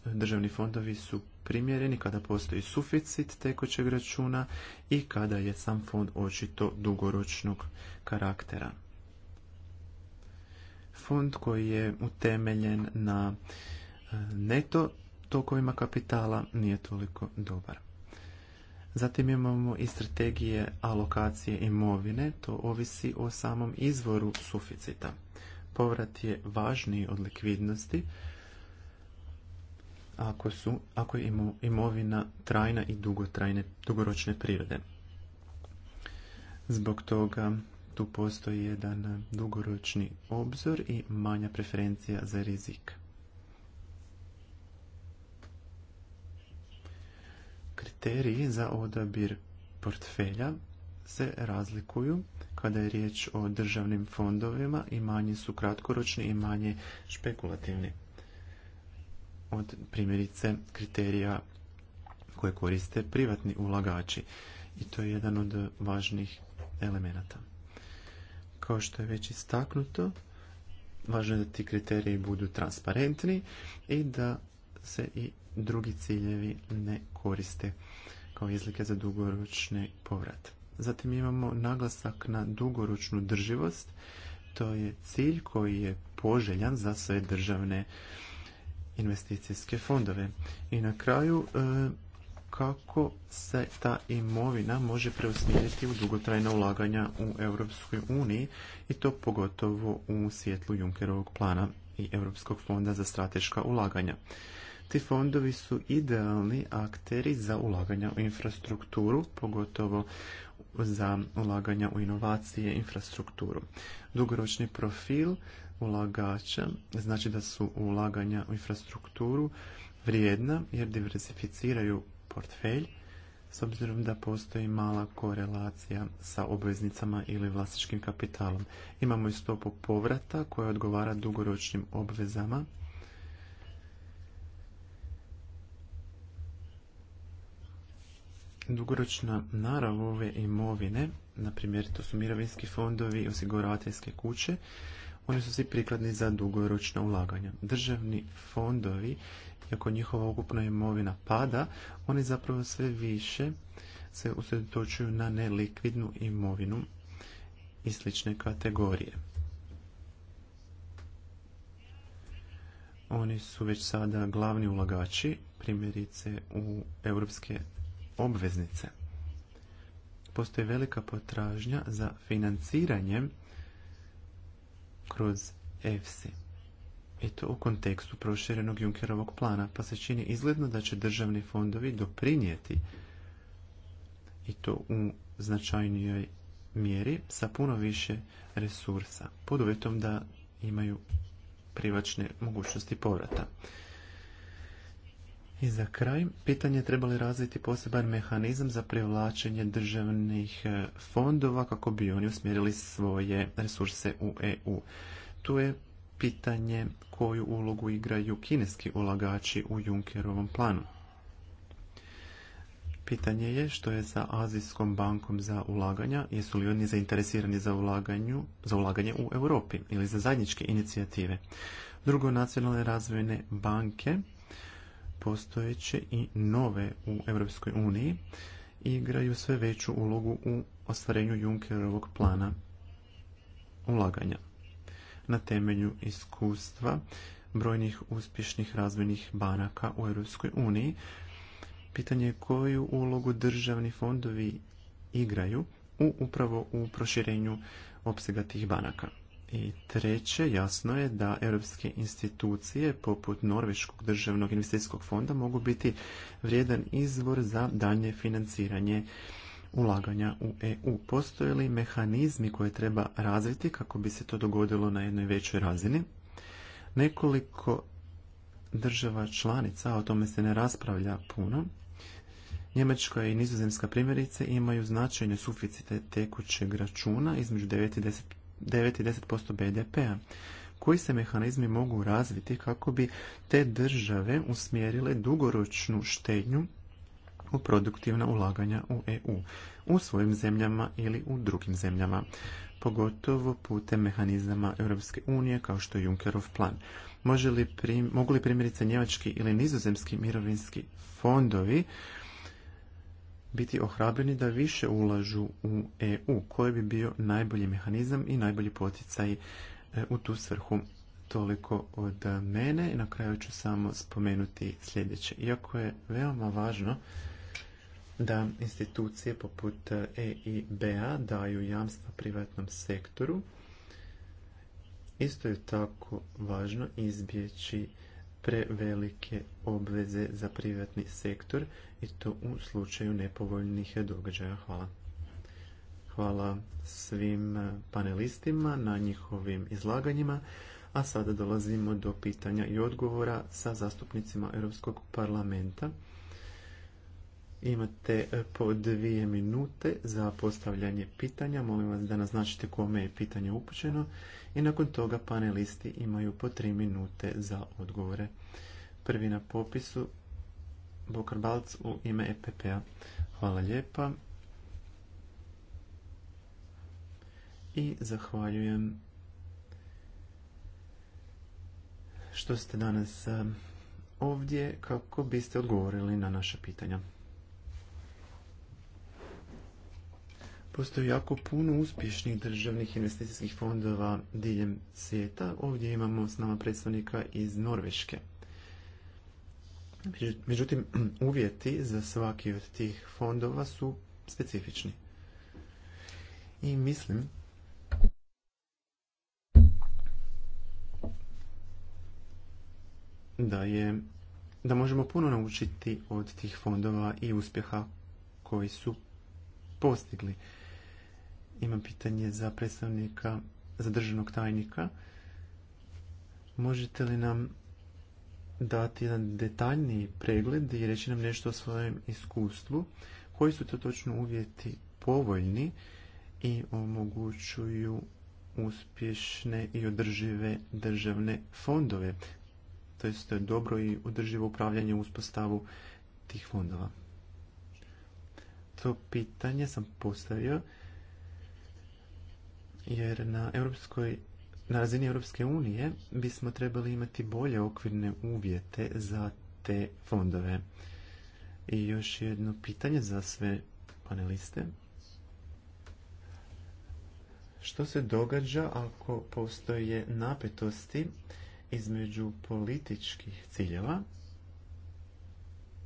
Državni fondovi su primjereni kada postoji suficit tekućeg računa i kada je sam fond očito dugoročnog karaktera. Fond koji je utemeljen na e, neto tokovima kapitala nije toliko dobar. Zatim imamo i strategije alokacije imovine, to ovisi o samom izvoru suficita. Povrat je važniji od likvidnosti ako, su, ako je imovina trajna i dugotrajne, dugoročne prirode. Zbog toga tu postoji jedan dugoročni obzor i manja preferencija za rizik. kriteriji za odabir portfelja se razlikuju kada je riječ o državnim fondovima i manje su kratkoročni i manje špekulativni od primjerice kriterija koje koriste privatni ulagači i to je jedan od važnih elemenata. Kao što je već istaknuto, važno je da ti kriteriji budu transparentni i da se i drugi ciljevi ne koriste kao izlike za dugoročni povrat. Zatim imamo naglasak na dugoročnu drživost. To je cilj koji je poželjan za sve državne investicijske fondove. I na kraju e, kako se ta imovina može preusmjeriti u dugotrajna ulaganja u Europskoj uniji i to pogotovo u svijetlu Junckerovog plana i Europskog fonda za strateška ulaganja. Ti fondovi su idealni akteri za ulaganja u infrastrukturu, pogotovo za ulaganja u inovacije i infrastrukturu. Dugoročni profil ulagača znači da su ulaganja u infrastrukturu vrijedna jer diversificiraju portfelj s obzirom da postoji mala korelacija sa obveznicama ili vlasničkim kapitalom. Imamo i stopu povrata koja odgovara dugoročnim obvezama dugoročna narav ove imovine, na primjer to su mirovinski fondovi i osiguravateljske kuće, oni su svi prikladni za dugoročna ulaganja. Državni fondovi, iako njihova ukupna imovina pada, oni zapravo sve više se usredotočuju na nelikvidnu imovinu i slične kategorije. Oni su već sada glavni ulagači, primjerice u europske obveznice. Postoji velika potražnja za financiranjem kroz EFSI. I to u kontekstu proširenog Junkerovog plana, pa se čini izgledno da će državni fondovi doprinijeti i to u značajnijoj mjeri sa puno više resursa, pod uvjetom da imaju privačne mogućnosti povrata. I za kraj, pitanje treba li razviti poseban mehanizam za privlačenje državnih e, fondova kako bi oni usmjerili svoje resurse u EU. Tu je pitanje koju ulogu igraju kineski ulagači u Junkerovom planu. Pitanje je što je sa Azijskom bankom za ulaganja, jesu li oni zainteresirani za, za ulaganje u Europi ili za zajedničke inicijative. Drugo, nacionalne razvojne banke postojeće i nove u Europskoj uniji igraju sve veću ulogu u ostvarenju Junckerovog plana ulaganja. Na temelju iskustva brojnih uspješnih razvojnih banaka u Europskoj uniji, pitanje je koju ulogu državni fondovi igraju u upravo u proširenju opsega tih banaka. I treće, jasno je da europske institucije poput Norveškog državnog investicijskog fonda mogu biti vrijedan izvor za dalje financiranje ulaganja u EU. Postoje li mehanizmi koje treba razviti kako bi se to dogodilo na jednoj većoj razini? Nekoliko država članica, o tome se ne raspravlja puno, Njemačka i nizozemska primjerice imaju značajne suficite tekućeg računa između 9 i 9 i 10% BDP-a. Koji se mehanizmi mogu razviti kako bi te države usmjerile dugoročnu štednju u produktivna ulaganja u EU, u svojim zemljama ili u drugim zemljama, pogotovo putem mehanizama Europske unije kao što je Junckerov plan. Može li mogu li primjerice njemački ili nizozemski mirovinski fondovi biti ohrabreni da više ulažu u EU, koji bi bio najbolji mehanizam i najbolji poticaj e, u tu svrhu. Toliko od mene i na kraju ću samo spomenuti sljedeće. Iako je veoma važno da institucije poput EIB-a e daju jamstva privatnom sektoru, isto je tako važno izbjeći prevelike obveze za privatni sektor i to u slučaju nepovoljnih događaja. Hvala. Hvala svim panelistima na njihovim izlaganjima, a sada dolazimo do pitanja i odgovora sa zastupnicima Europskog parlamenta. Imate e, po dvije minute za postavljanje pitanja. Molim vas da naznačite kome je pitanje upućeno i nakon toga panelisti imaju po tri minute za odgovore. Prvi na popisu Bokar Balc u ime EPP-a. Hvala lijepa. I zahvaljujem što ste danas e, ovdje kako biste odgovorili na naše pitanja. Postoji jako puno uspješnih državnih investicijskih fondova diljem svijeta. Ovdje imamo s nama predstavnika iz Norveške. Međutim, uvjeti za svaki od tih fondova su specifični. I mislim da je da možemo puno naučiti od tih fondova i uspjeha koji su postigli. Imam pitanje za predstavnika, za državnog tajnika. Možete li nam dati jedan detaljni pregled i reći nam nešto o svojem iskustvu? Koji su to točno uvjeti povoljni i omogućuju uspješne i održive državne fondove? To je dobro i održivo upravljanje uspostavu tih fondova. To pitanje sam postavio jer na europskoj razini Europske unije bismo trebali imati bolje okvirne uvjete za te fondove. I još jedno pitanje za sve paneliste. Što se događa ako postoje napetosti između političkih ciljeva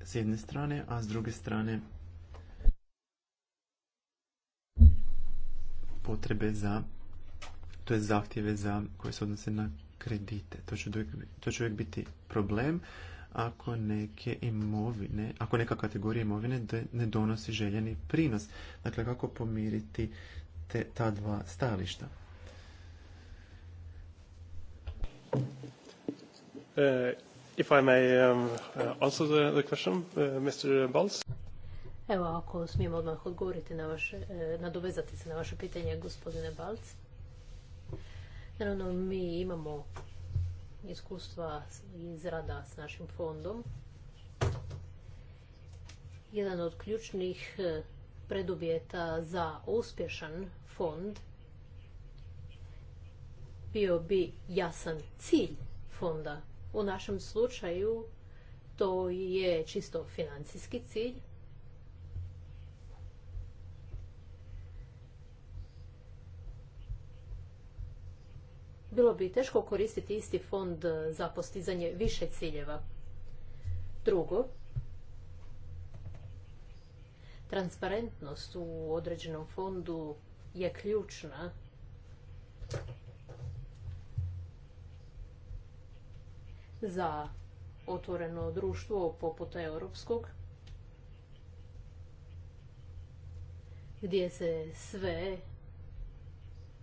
s jedne strane, a s druge strane potrebe za, to je zahtjeve za, koje se odnose na kredite. To će, uvijek, to će biti problem ako neke imovine, ako neka kategorija imovine ne donosi željeni prinos. Dakle, kako pomiriti te, ta dva stajališta? Uh, if I may um, uh, the, question, uh, Mr. Evo, ako smijem odmah odgovoriti na vaše, e, nadovezati se na vaše pitanje, gospodine Balc. Naravno, mi imamo iskustva iz rada s našim fondom. Jedan od ključnih e, preduvjeta za uspješan fond bio bi jasan cilj fonda. U našem slučaju to je čisto financijski cilj, bilo bi teško koristiti isti fond za postizanje više ciljeva. Drugo, transparentnost u određenom fondu je ključna. Za otvoreno društvo poput europskog, gdje se sve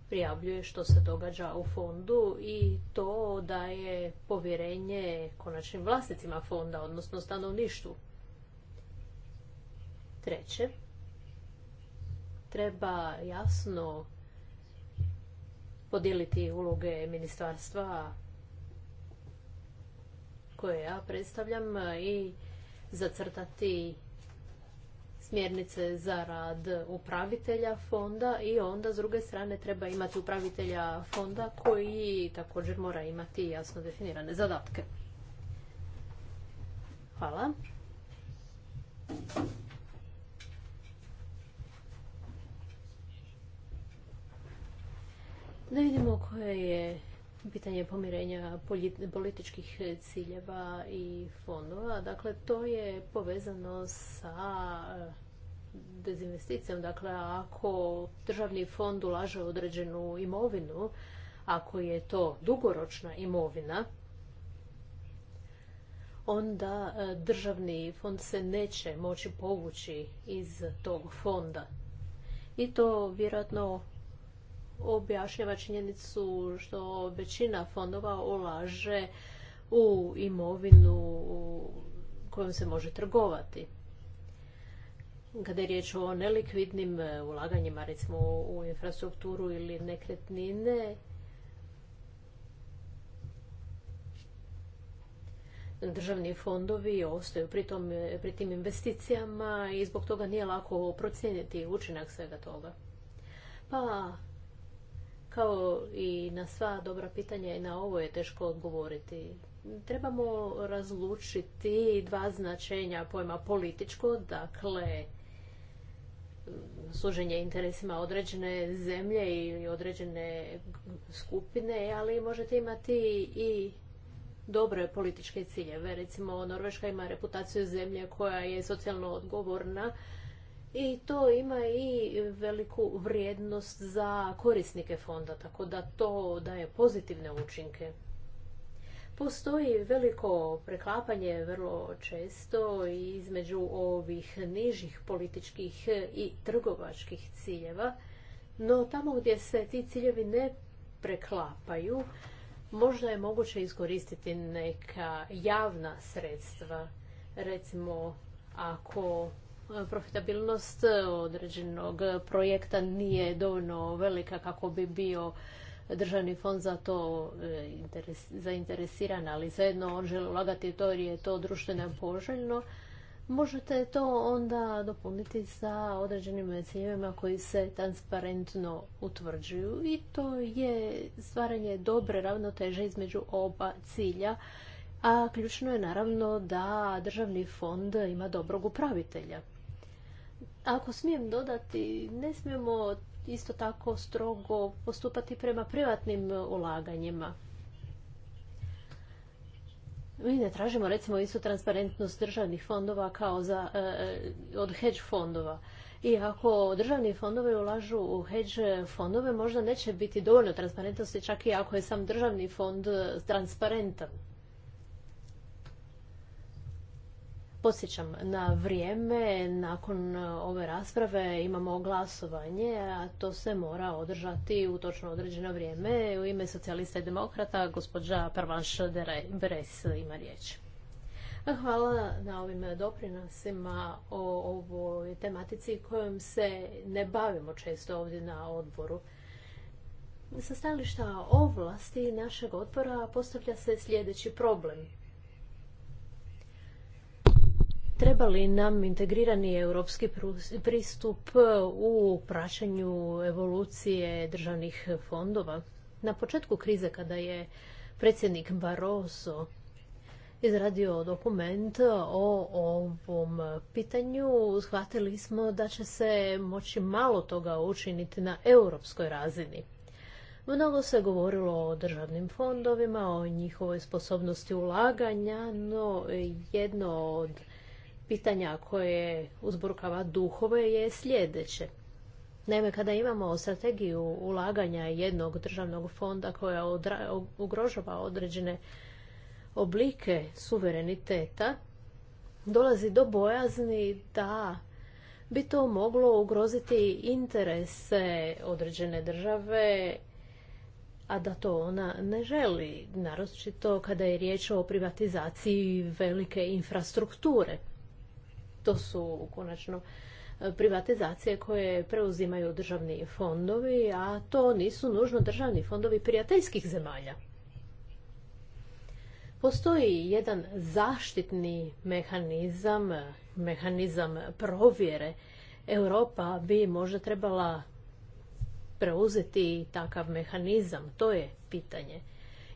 prijavljuje što se događa u fondu i to daje povjerenje konačnim vlasnicima fonda, odnosno stanovništvu. Treće, treba jasno podijeliti uloge ministarstva koje ja predstavljam i zacrtati smjernice za rad upravitelja fonda i onda s druge strane treba imati upravitelja fonda koji također mora imati jasno definirane zadatke. Hvala. Da vidimo koje je pitanje pomirenja političkih ciljeva i fondova. Dakle, to je povezano sa eh, dezinvesticijom. Dakle, ako državni fond ulaže određenu imovinu, ako je to dugoročna imovina, onda eh, državni fond se neće moći povući iz tog fonda. I to vjerojatno objašnjava činjenicu što većina fondova ulaže u imovinu kojom se može trgovati. Kada je riječ o nelikvidnim e, ulaganjima, recimo u infrastrukturu ili nekretnine, državni fondovi ostaju pri, tom, e, pri tim investicijama i zbog toga nije lako procijeniti učinak svega toga. Pa kao i na sva dobra pitanja i na ovo je teško odgovoriti. Trebamo razlučiti dva značenja pojma političko, dakle služenje interesima određene zemlje ili određene skupine, ali možete imati i dobre političke ciljeve. Recimo, Norveška ima reputaciju zemlje koja je socijalno odgovorna i to ima i veliku vrijednost za korisnike fonda, tako da to daje pozitivne učinke. Postoji veliko preklapanje vrlo često između ovih nižih političkih i trgovačkih ciljeva, no tamo gdje se ti ciljevi ne preklapaju, možda je moguće iskoristiti neka javna sredstva. Recimo, ako E, profitabilnost e, određenog projekta nije dovoljno velika kako bi bio državni fond za to e, zainteresiran, ali zajedno on želi ulagati to jer je to društveno poželjno, možete to onda dopuniti sa određenim ciljevima koji se transparentno utvrđuju i to je stvaranje dobre ravnoteže između oba cilja, a ključno je naravno da državni fond ima dobrog upravitelja. Ako smijem dodati, ne smijemo isto tako strogo postupati prema privatnim ulaganjima. Mi ne tražimo recimo istu transparentnost državnih fondova kao za, e, e, od hedge fondova. I ako državni fondovi ulažu u hedge fondove, možda neće biti dovoljno transparentnosti, čak i ako je sam državni fond e, transparentan. Podsjećam, na vrijeme nakon ove rasprave imamo glasovanje, a to se mora održati u točno određeno vrijeme. U ime socijalista i demokrata, gospođa Prvanš Beres ima riječ. Hvala na ovim doprinosima o ovoj tematici kojom se ne bavimo često ovdje na odboru. Sa stajališta ovlasti našeg odbora postavlja se sljedeći problem – Treba li nam integrirani europski pristup u praćenju evolucije državnih fondova? Na početku krize kada je predsjednik Barroso izradio dokument o ovom pitanju, shvatili smo da će se moći malo toga učiniti na europskoj razini. Mnogo se govorilo o državnim fondovima, o njihovoj sposobnosti ulaganja, no jedno od pitanja koje uzburkava duhove je sljedeće. Naime, kada imamo strategiju ulaganja jednog državnog fonda koja ugrožava određene oblike suvereniteta, dolazi do bojazni da bi to moglo ugroziti interese određene države, a da to ona ne želi, naročito kada je riječ o privatizaciji velike infrastrukture. To su konačno e, privatizacije koje preuzimaju državni fondovi, a to nisu nužno državni fondovi prijateljskih zemalja. Postoji jedan zaštitni mehanizam, mehanizam provjere. Europa bi možda trebala preuzeti takav mehanizam, to je pitanje.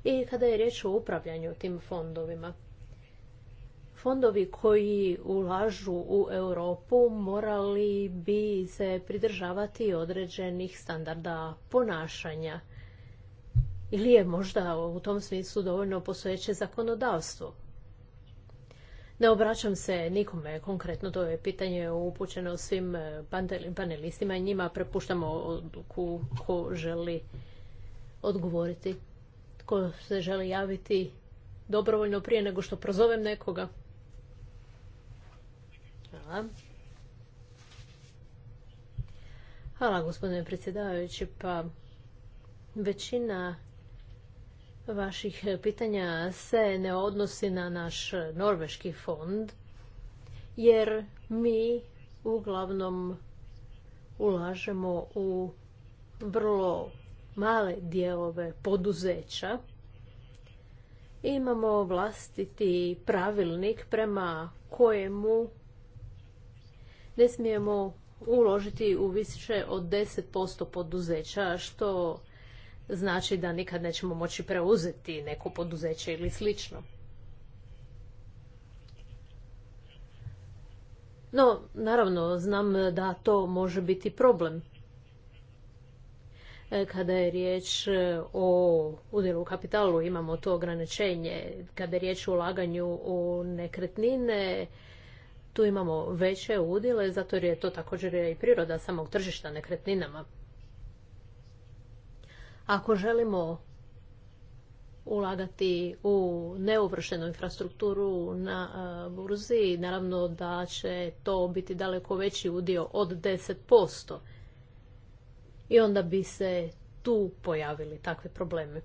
I kada je riječ o upravljanju tim fondovima, fondovi koji ulažu u Europu morali bi se pridržavati određenih standarda ponašanja. Ili je možda u tom smislu dovoljno posveće zakonodavstvo? Ne obraćam se nikome konkretno, to je pitanje upućeno svim panelistima i njima prepuštamo odluku ko želi odgovoriti. Ko se želi javiti dobrovoljno prije nego što prozovem nekoga. Hvala. gospodine predsjedavajući. Pa većina vaših pitanja se ne odnosi na naš norveški fond, jer mi uglavnom ulažemo u vrlo male dijelove poduzeća. Imamo vlastiti pravilnik prema kojemu ne smijemo uložiti u više od 10% poduzeća, što znači da nikad nećemo moći preuzeti neko poduzeće ili slično. No, naravno, znam da to može biti problem. E, kada je riječ e, o udjelu u kapitalu, imamo to ograničenje. Kada je riječ o ulaganju u nekretnine, tu imamo veće udjele, zato jer je to također i priroda samog tržišta nekretninama. Ako želimo ulagati u neuvršenu infrastrukturu na e, burzi, naravno da će to biti daleko veći udio od 10%. I onda bi se tu pojavili takvi problemi.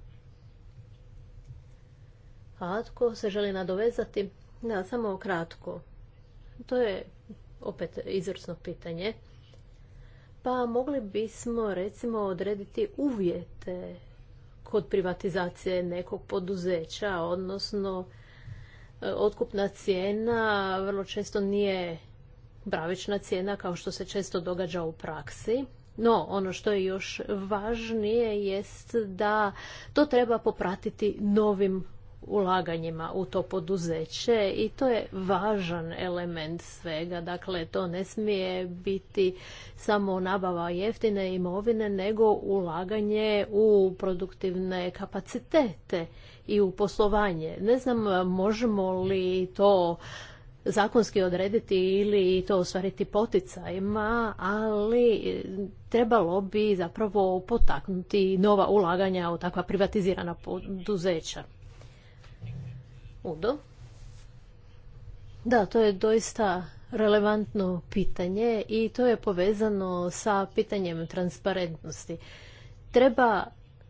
A se želi nadovezati? Da, samo kratko. To je opet izvrsno pitanje. Pa mogli bismo recimo odrediti uvjete kod privatizacije nekog poduzeća, odnosno e, otkupna cijena vrlo često nije pravična cijena kao što se često događa u praksi. No, ono što je još važnije jest da to treba popratiti novim ulaganjima u to poduzeće i to je važan element svega. Dakle, to ne smije biti samo nabava jeftine imovine, nego ulaganje u produktivne kapacitete i u poslovanje. Ne znam možemo li to zakonski odrediti ili to ostvariti poticajima, ali trebalo bi zapravo potaknuti nova ulaganja u takva privatizirana poduzeća. Udo. Da, to je doista relevantno pitanje i to je povezano sa pitanjem transparentnosti. Treba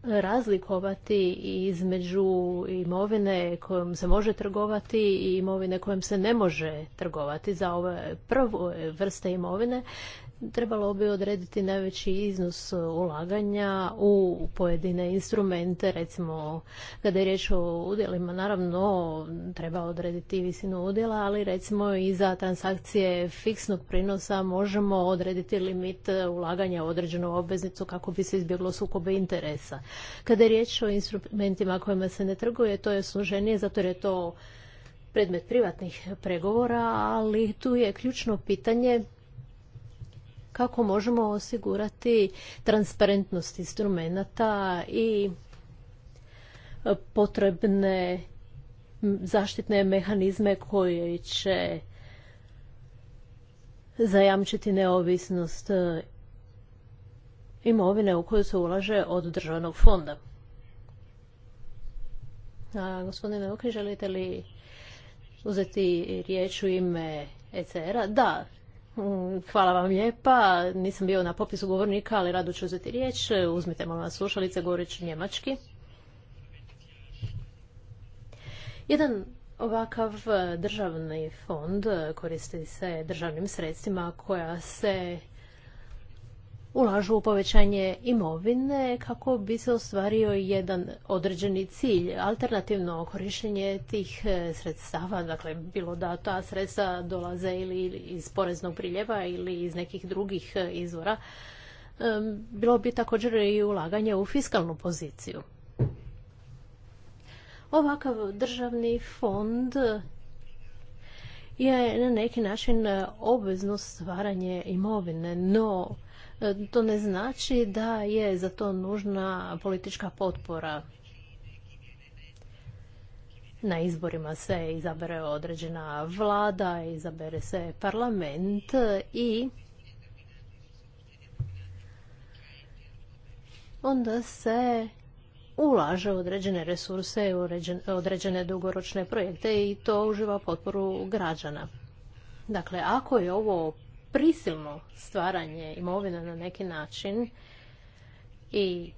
razlikovati između imovine kojom se može trgovati i imovine kojom se ne može trgovati. Za ove prve vrste imovine trebalo bi odrediti najveći iznos e, ulaganja u pojedine instrumente, recimo kada je riječ o udjelima, naravno treba odrediti visinu udjela, ali recimo i za transakcije fiksnog prinosa možemo odrediti limit e, ulaganja u određenu obveznicu kako bi se izbjeglo sukobe interesa. Kada je riječ o instrumentima kojima se ne trguje, to je složenije zato jer je to predmet privatnih pregovora, ali tu je ključno pitanje kako možemo osigurati transparentnost instrumenata i potrebne zaštitne mehanizme koje će zajamčiti neovisnost e, imovine u koju se ulaže od državnog fonda. gospodine Okri, želite li uzeti riječ u ime ECR-a? Da, Mm, hvala vam lijepa. Nisam bio na popisu govornika, ali rado ću uzeti riječ. Uzmite malo vas slušalice, govorit ću njemački. Jedan ovakav državni fond koristi se državnim sredstvima koja se ulažu u povećanje imovine kako bi se ostvario jedan određeni cilj. Alternativno korištenje tih e, sredstava, dakle bilo da ta sredstva dolaze ili iz poreznog priljeva ili iz nekih drugih e, izvora, e, bilo bi također i ulaganje u fiskalnu poziciju. Ovakav državni fond je na neki način obvezno stvaranje imovine, no E, to ne znači da je za to nužna politička potpora. Na izborima se izabere određena vlada, izabere se parlament i onda se ulaže određene resurse u određene dugoročne projekte i to uživa potporu građana. Dakle, ako je ovo prisilno stvaranje imovine na neki način i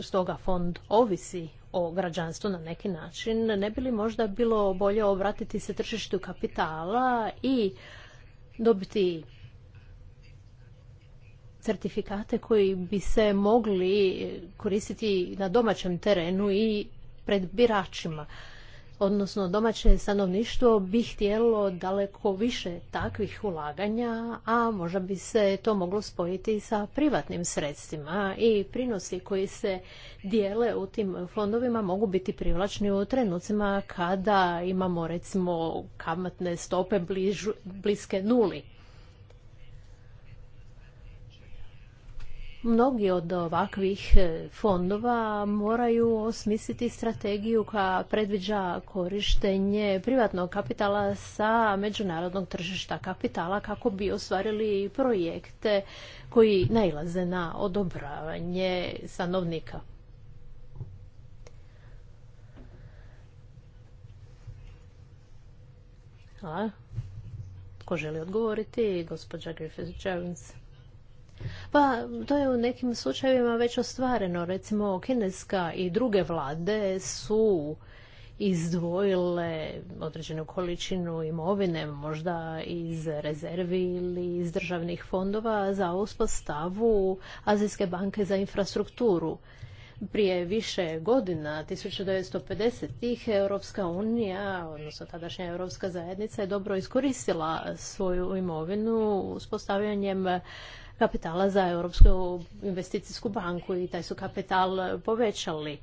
stoga fond ovisi o građanstvu na neki način, ne bi li možda bilo bolje obratiti se tržištu kapitala i dobiti certifikate koji bi se mogli koristiti na domaćem terenu i pred biračima odnosno domaće stanovništvo bi htjelo daleko više takvih ulaganja, a možda bi se to moglo spojiti sa privatnim sredstvima i prinosi koji se dijele u tim fondovima mogu biti privlačni u trenucima kada imamo recimo kamatne stope bliske nuli. Mnogi od ovakvih e, fondova moraju osmisliti strategiju koja predviđa korištenje privatnog kapitala sa međunarodnog tržišta kapitala kako bi ostvarili projekte koji nailaze na odobravanje stanovnika. Hvala. Ko želi odgovoriti? Gospođa Griffith Jones. Pa to je u nekim slučajevima već ostvareno. Recimo kineska i druge vlade su izdvojile određenu količinu imovine, možda iz rezervi ili iz državnih fondova za uspostavu Azijske banke za infrastrukturu. Prije više godina, 1950-ih, Europska unija, odnosno tadašnja Europska zajednica je dobro iskoristila svoju imovinu uspostavljanjem kapitala za Europsku investicijsku banku i taj su kapital povećali.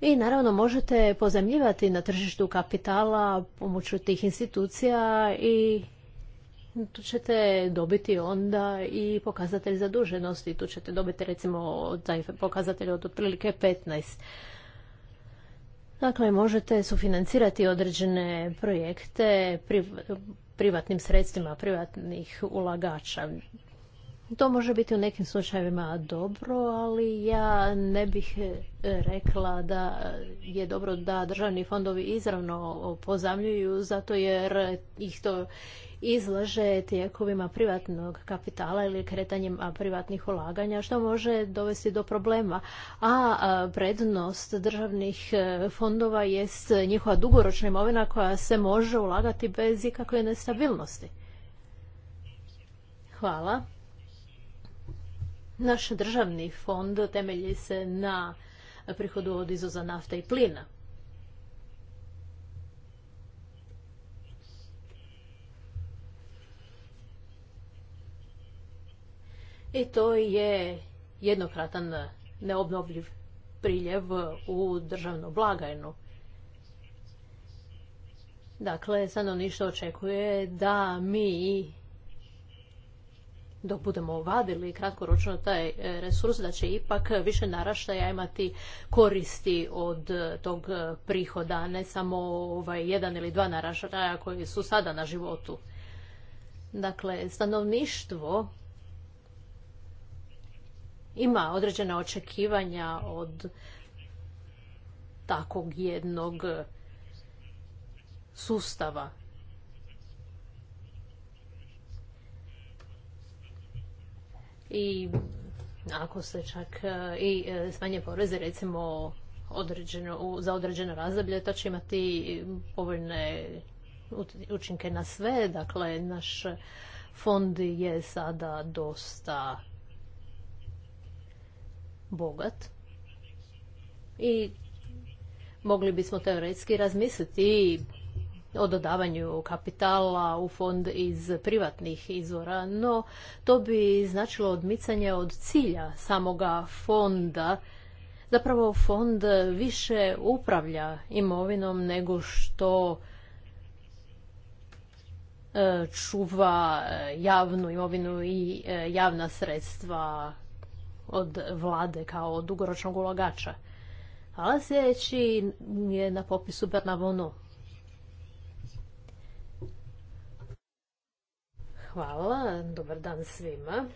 I naravno možete pozemljivati na tržištu kapitala pomoću tih institucija i tu ćete dobiti onda i pokazatelj zaduženosti. Tu ćete dobiti recimo taj pokazatelj od otprilike 15. Dakle, možete sufinancirati određene projekte privatnim sredstvima privatnih ulagača. To može biti u nekim slučajevima dobro, ali ja ne bih e, rekla da je dobro da državni fondovi izravno pozamljuju, zato jer ih to izlaže tijekovima privatnog kapitala ili kretanjem privatnih ulaganja, što može dovesti do problema. A prednost državnih e, fondova jest njihova dugoročna imovina koja se može ulagati bez ikakve nestabilnosti. Hvala. Naš državni fond temelji se na prihodu od izvoza nafte i plina. I to je jednokratan neobnovljiv priljev u državnu blagajnu. Dakle, stanovništvo očekuje da mi dok budemo vadili kratkoročno taj e, resurs, da će ipak više naraštaja imati koristi od tog e, prihoda, ne samo ovaj jedan ili dva naraštaja koji su sada na životu. Dakle, stanovništvo ima određena očekivanja od takvog jednog sustava i ako se čak e, i e, smanje poreze recimo određeno, za određeno razdoblje, to će imati povoljne učinke na sve. Dakle, naš fond je sada dosta bogat i mogli bismo teoretski razmisliti o dodavanju kapitala u fond iz privatnih izvora, no to bi značilo odmicanje od cilja samoga fonda. Zapravo fond više upravlja imovinom nego što e, čuva javnu imovinu i e, javna sredstva od vlade kao dugoročnog ulagača. A sljedeći je na popisu Bernabonu. Hvala, dobar dan svima.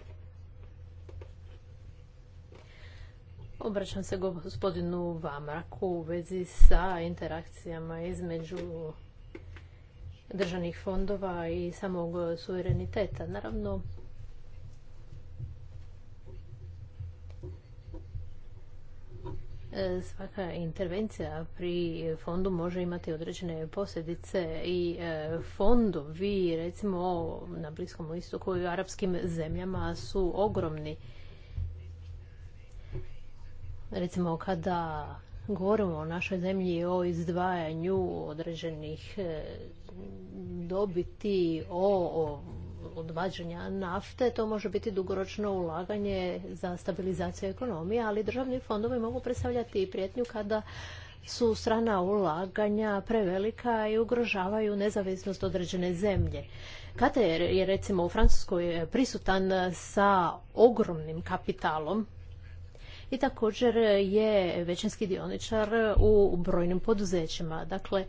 Obraćam se gospodinu Vamraku u vezi sa interakcijama između državnih fondova i samog suvereniteta. Naravno, Svaka intervencija pri fondu može imati određene posljedice i e, fondovi, recimo na Bliskom istoku i u arapskim zemljama su ogromni. Recimo kada govorimo o našoj zemlji o izdvajanju određenih e, dobiti, o odvađanja nafte, to može biti dugoročno ulaganje za stabilizaciju ekonomije, ali državni fondovi mogu predstavljati i prijetnju kada su strana ulaganja prevelika i ugrožavaju nezavisnost određene zemlje. Kada je recimo u Francuskoj prisutan sa ogromnim kapitalom i također je većinski dioničar u brojnim poduzećima. Dakle,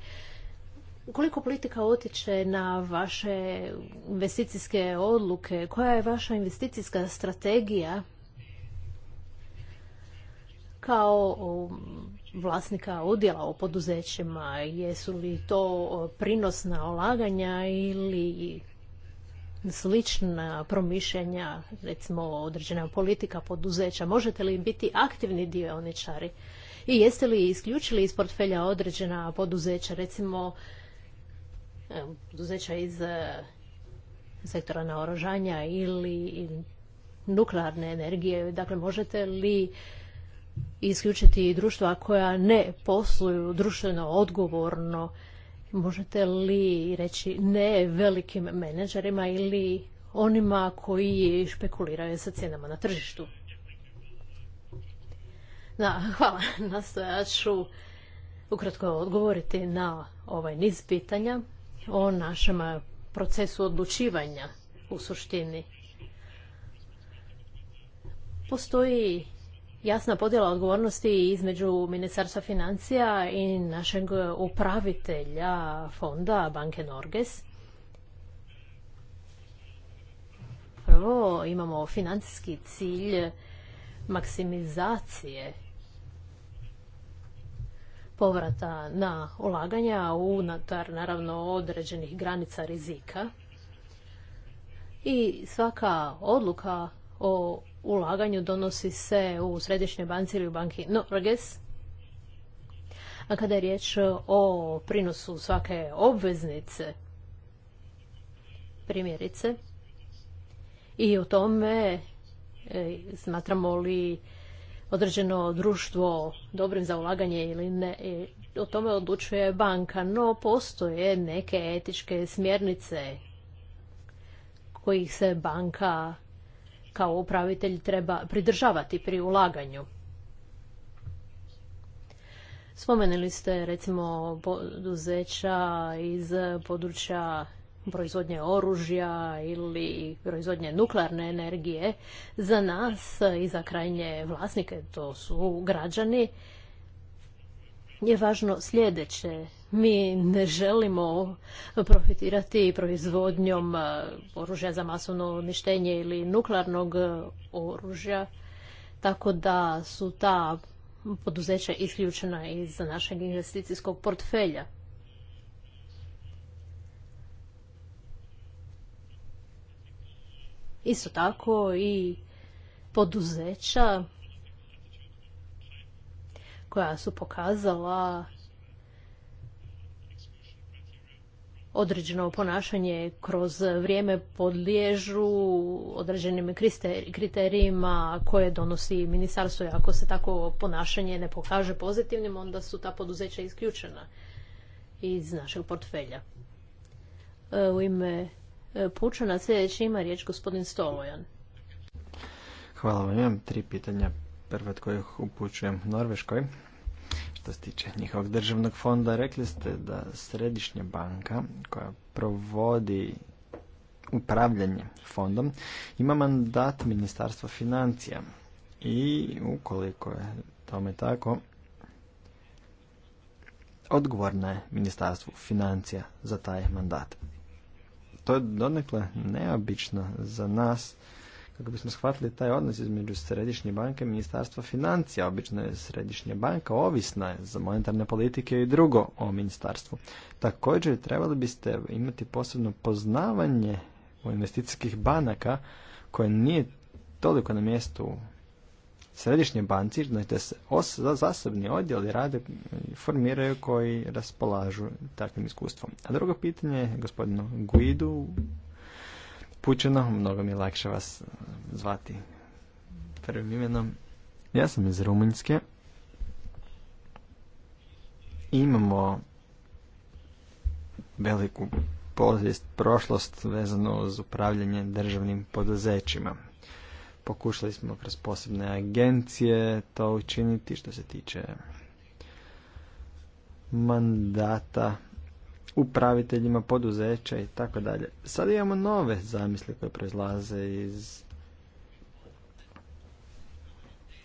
koliko politika otiče na vaše investicijske odluke, koja je vaša investicijska strategija kao um, vlasnika udjela u poduzećima? Jesu li to prinosna ulaganja ili slična promišljanja, recimo određena politika poduzeća? Možete li biti aktivni dioničari? I jeste li isključili iz portfelja određena poduzeća, recimo E, poduzeća iz e, sektora naoružanja ili nuklearne energije. Dakle, možete li isključiti društva koja ne posluju društveno odgovorno? Možete li reći ne velikim menadžerima ili onima koji špekuliraju sa cijenama na tržištu? Da, hvala. Nastojat ću ukratko odgovoriti na ovaj niz pitanja o našem eh, procesu odlučivanja u suštini. Postoji jasna podjela odgovornosti između Ministarstva financija i našeg eh, upravitelja fonda Banke Norges. Prvo imamo financijski cilj maksimizacije povrata na ulaganja unutar naravno određenih granica rizika. I svaka odluka o ulaganju donosi se u središnjoj banci ili u banki Norges. A kada je riječ o prinosu svake obveznice, primjerice, i o tome e, smatramo li određeno društvo dobrim za ulaganje ili ne, o tome odlučuje banka, no postoje neke etičke smjernice kojih se banka kao upravitelj treba pridržavati pri ulaganju. Spomenuli ste recimo poduzeća iz područja proizvodnje oružja ili proizvodnje nuklearne energije za nas i za krajnje vlasnike, to su građani, je važno sljedeće. Mi ne želimo profitirati proizvodnjom e, oružja za masovno uništenje ili nuklearnog e, oružja, tako da su ta poduzeća isključena iz našeg investicijskog portfelja. isto tako i poduzeća koja su pokazala određeno ponašanje kroz vrijeme podliježu određenim kriterijima koje donosi ministarstvo. I ako se tako ponašanje ne pokaže pozitivnim, onda su ta poduzeća isključena iz našeg portfelja. E, u ime E, pučana. Sljedeći ima riječ gospodin Stolojan. Hvala vam. Imam tri pitanja. Prvo od kojih upućujem Norveškoj. Što se tiče njihovog državnog fonda, rekli ste da središnja banka koja provodi upravljanje fondom ima mandat Ministarstva financija i ukoliko je tome tako odgovorna je Ministarstvu financija za taj mandat. To je donekle neobično za nas kako bismo shvatili taj odnos između Središnje banke i Ministarstva financija. Obično je Središnja banka ovisna je za monetarne politike i drugo o ministarstvu. Također trebali biste imati posebno poznavanje u investicijskih banaka koje nije toliko na mjestu središnje banci, znači da se, os, za zasebni odjeli rade, formiraju koji raspolažu takvim iskustvom. A drugo pitanje je gospodinu Guidu, pučeno, mnogo mi je lakše vas zvati prvim imenom. Ja sam iz Rumunjske. Imamo veliku povijest, prošlost vezano uz upravljanje državnim poduzećima. Pokušali smo kroz posebne agencije to učiniti što se tiče mandata upraviteljima poduzeća i tako dalje. Sad imamo nove zamisli koje proizlaze iz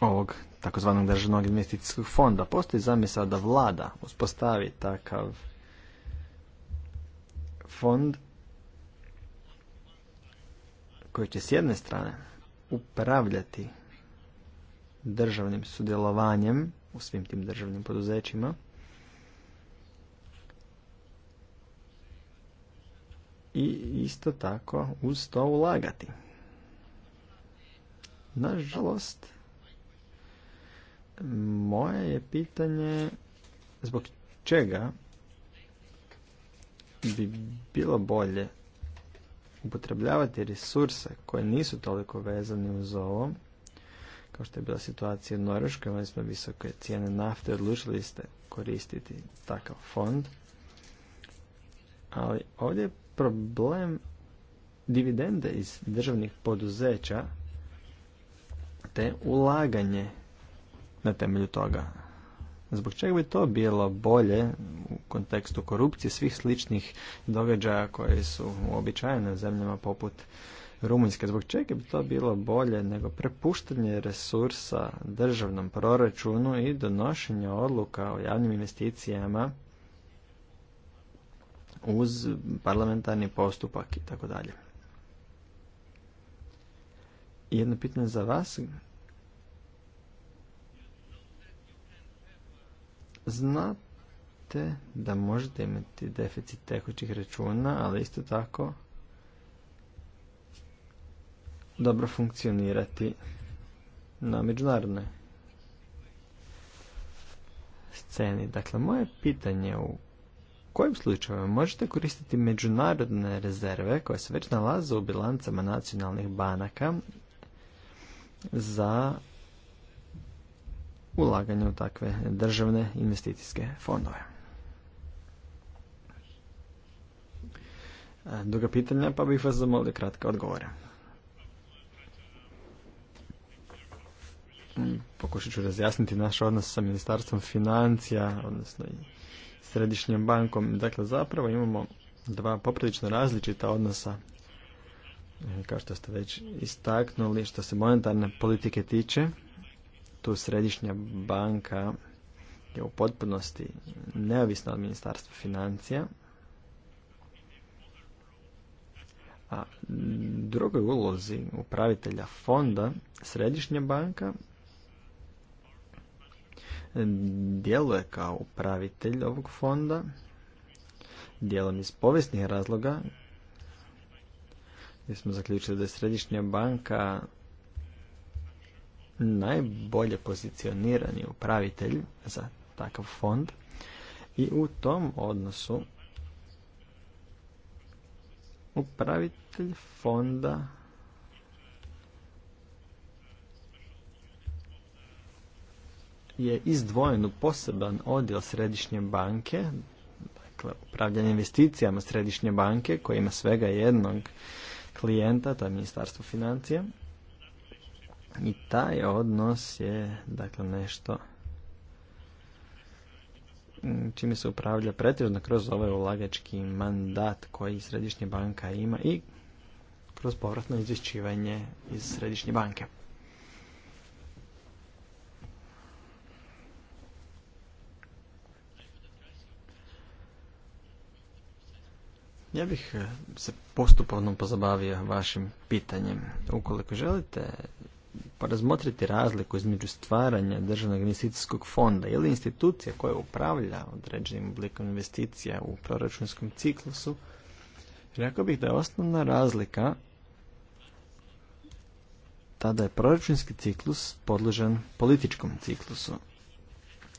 ovog takozvanog državnog investicijskog fonda. Postoji zamisao da vlada uspostavi takav fond koji će s jedne strane upravljati državnim sudjelovanjem u svim tim državnim poduzećima i isto tako uz to ulagati. Nažalost, moje je pitanje zbog čega bi bilo bolje upotrebljavati resurse koje nisu toliko vezani uz ovo, kao što je bila situacija u Norveškoj, imali smo visoke cijene nafte, odlučili ste koristiti takav fond. Ali ovdje je problem dividende iz državnih poduzeća te ulaganje na temelju toga. Zbog čega bi to bilo bolje u kontekstu korupcije svih sličnih događaja koje su uobičajene u zemljama poput Rumunjske? Zbog čega bi to bilo bolje nego prepuštanje resursa državnom proračunu i donošenje odluka o javnim investicijama uz parlamentarni postupak i tako dalje? jedno pitanje za vas, Znate da možete imati deficit tekućih računa, ali isto tako dobro funkcionirati na međunarodnoj sceni. Dakle, moje pitanje u kojim slučaju možete koristiti međunarodne rezerve koje se već nalaze u bilancama nacionalnih banaka za ulaganje u takve državne investicijske fondove. E, druga pitanja pa bih vas zamolio kratka odgovore. Mm, pokušat ću razjasniti naš odnos sa Ministarstvom financija, odnosno i Središnjom bankom. Dakle, zapravo imamo dva poprilično različita odnosa e, kao što ste već istaknuli što se monetarne politike tiče tu središnja banka je u potpunosti neovisna od ministarstva financija. A drugoj ulozi upravitelja fonda središnja banka djeluje kao upravitelj ovog fonda dijelom iz povijesnih razloga gdje smo zaključili da je središnja banka najbolje pozicionirani upravitelj za takav fond i u tom odnosu upravitelj fonda je izdvojen u poseban odjel središnje banke, dakle upravljanje investicijama središnje banke koji ima svega jednog klijenta, to je ministarstvo financija. I taj odnos je dakle nešto čime se upravlja pretežno kroz ovaj ulagački mandat koji Središnja banka ima i kroz povratno izvješćivanje iz Središnje banke. Ja bih se postupovno pozabavio vašim pitanjem. Ukoliko želite pa razmotriti razliku između stvaranja državnog investicijskog fonda ili institucija koja upravlja određenim oblikom investicija u proračunskom ciklusu, rekao bih da je osnovna razlika tada je proračunski ciklus podložen političkom ciklusu.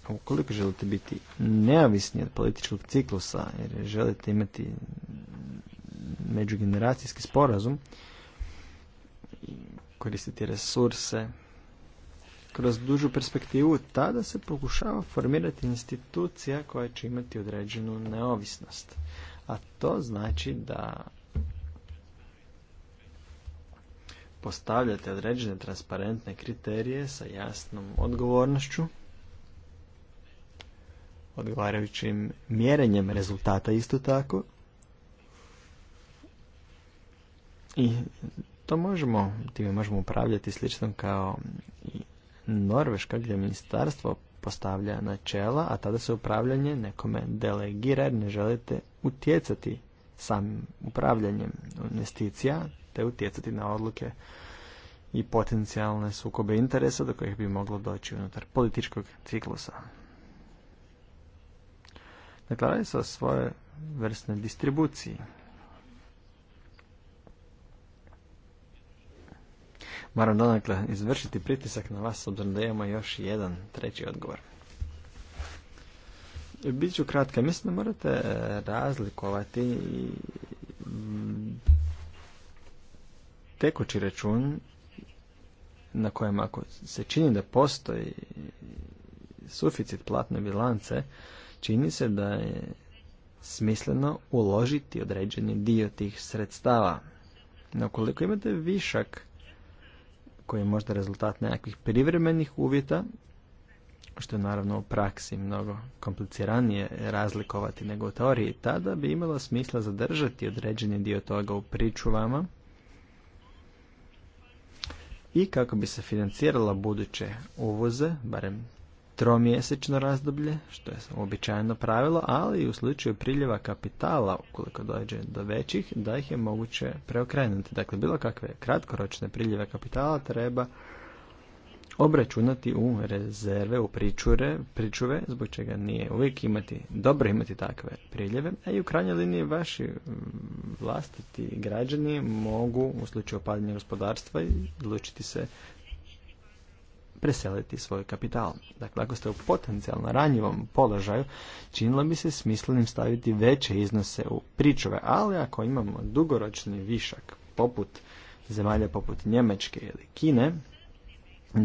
A ukoliko želite biti neovisni od političkog ciklusa jer želite imati međugeneracijski sporazum, koristiti resurse. Kroz dužu perspektivu tada se pokušava formirati institucija koja će imati određenu neovisnost. A to znači da postavljate određene transparentne kriterije sa jasnom odgovornošću, odgovarajućim mjerenjem rezultata isto tako i to možemo, time možemo upravljati slično kao i Norveška gdje ministarstvo postavlja načela, a tada se upravljanje nekome delegira jer ne želite utjecati samim upravljanjem investicija te utjecati na odluke i potencijalne sukobe interesa do kojih bi moglo doći unutar političkog ciklusa. Dakle, radi se o svojoj vrsnoj distribuciji. Moram donakle izvršiti pritisak na vas, obzirom da imamo još jedan treći odgovor. Biću kratka. Mislim da morate e, razlikovati mm, tekući račun na kojem ako se čini da postoji suficit platne bilance, čini se da je smisleno uložiti određeni dio tih sredstava. No koliko imate višak koji je možda rezultat nekakvih privremenih uvjeta, što je naravno u praksi mnogo kompliciranije razlikovati nego u teoriji, tada bi imalo smisla zadržati određeni dio toga u pričuvama i kako bi se financirala buduće uvoze, barem tromjesečno razdoblje, što je običajno pravilo, ali i u slučaju priljeva kapitala, ukoliko dođe do većih, da ih je moguće preokrenuti. Dakle, bilo kakve kratkoročne priljeve kapitala treba obračunati u rezerve, u pričure, pričuve, zbog čega nije uvijek imati, dobro imati takve priljeve, a i u krajnjoj liniji vaši mm, vlastiti građani mogu u slučaju opadanja gospodarstva odlučiti se preseliti svoj kapital. Dakle, ako ste u potencijalno ranjivom položaju, činilo bi se smislenim staviti veće iznose u pričove, ali ako imamo dugoročni višak poput zemalja poput Njemačke ili Kine,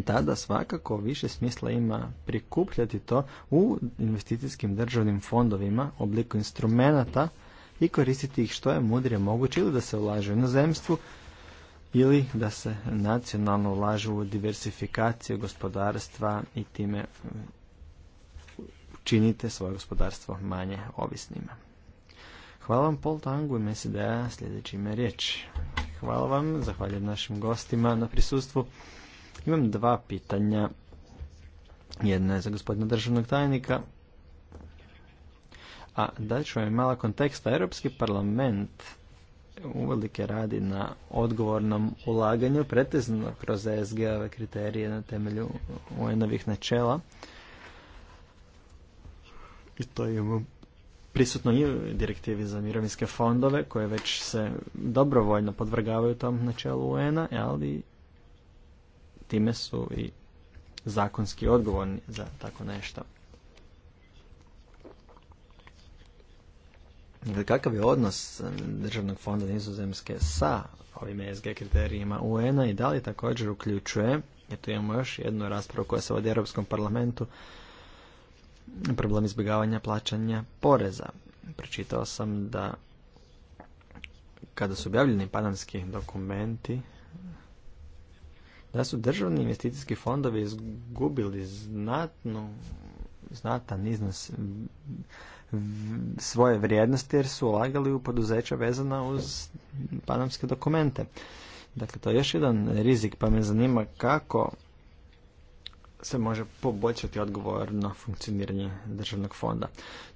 tada svakako više smisla ima prikupljati to u investicijskim državnim fondovima obliku instrumenata i koristiti ih što je mudrije moguće ili da se ulaže u inozemstvu ili da se nacionalno ulažu u diversifikaciju gospodarstva i time učinite svoje gospodarstvo manje ovisnima. Hvala vam Paul Tangu i MSDA, sljedeći ime riječ. Hvala vam, zahvaljujem našim gostima na prisustvu. Imam dva pitanja. Jedno je za gospodina državnog tajnika. A da ću vam mala konteksta. Europski parlament uvelike radi na odgovornom ulaganju, pretezno kroz ESG-ove kriterije na temelju UN-ovih načela. I to imamo prisutno i direktivi za mirovinske fondove koje već se dobrovoljno podvrgavaju tom načelu UN-a, ali time su i zakonski odgovorni za tako nešto. Dakle, kakav je odnos Državnog fonda nizozemske sa ovim ESG kriterijima UN-a i da li također uključuje, jer tu imamo još jednu raspravu koja se vodi u Europskom parlamentu, problem izbjegavanja plaćanja poreza. Pročitao sam da kada su objavljeni panamski dokumenti, da su državni investicijski fondovi izgubili znatnu, znatan iznos svoje vrijednosti jer su ulagali u poduzeća vezana uz panamske dokumente. Dakle, to je još jedan rizik pa me zanima kako se može poboljšati na funkcioniranje državnog fonda.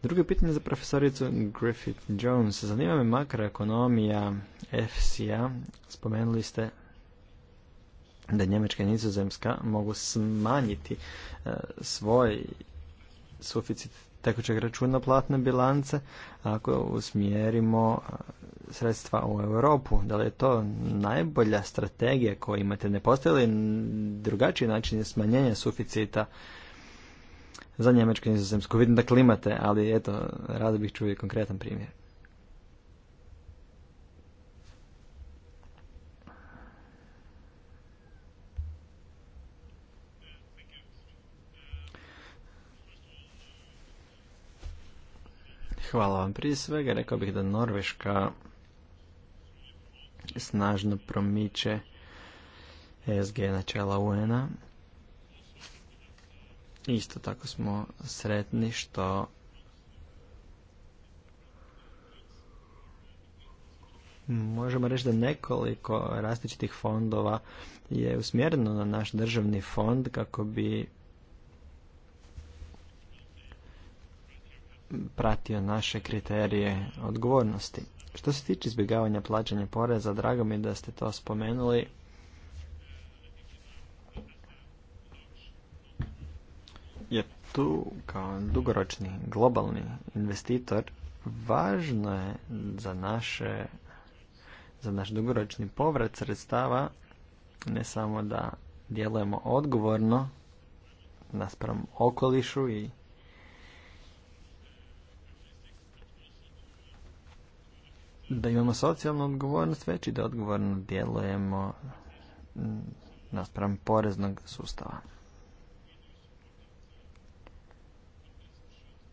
Drugo pitanje za profesoricu Griffith Jones. Zanima me makroekonomija FCA. Spomenuli ste da Njemačka i Nizozemska mogu smanjiti e, svoj suficit tekućeg računa platne bilance ako usmjerimo sredstva u Europu. Da li je to najbolja strategija koju imate? Ne postoji li drugačiji način smanjenja suficita za njemačku nizozemsku? Vidim da klimate, ali eto, rado bih čuo konkretan primjer. Hvala vam. Prije svega rekao bih da Norveška snažno promiče e SG načela UN-a. Isto tako smo sretni što možemo reći da nekoliko različitih fondova je usmjereno na naš državni fond kako bi pratio naše kriterije odgovornosti. Što se tiče izbjegavanja plaćanja poreza, drago mi da ste to spomenuli. Jer tu kao dugoročni globalni investitor važno je za naše za naš dugoročni povrat sredstava ne samo da djelujemo odgovorno naspram okolišu i da imamo socijalnu odgovornost, već i da odgovorno djelujemo naspram poreznog sustava.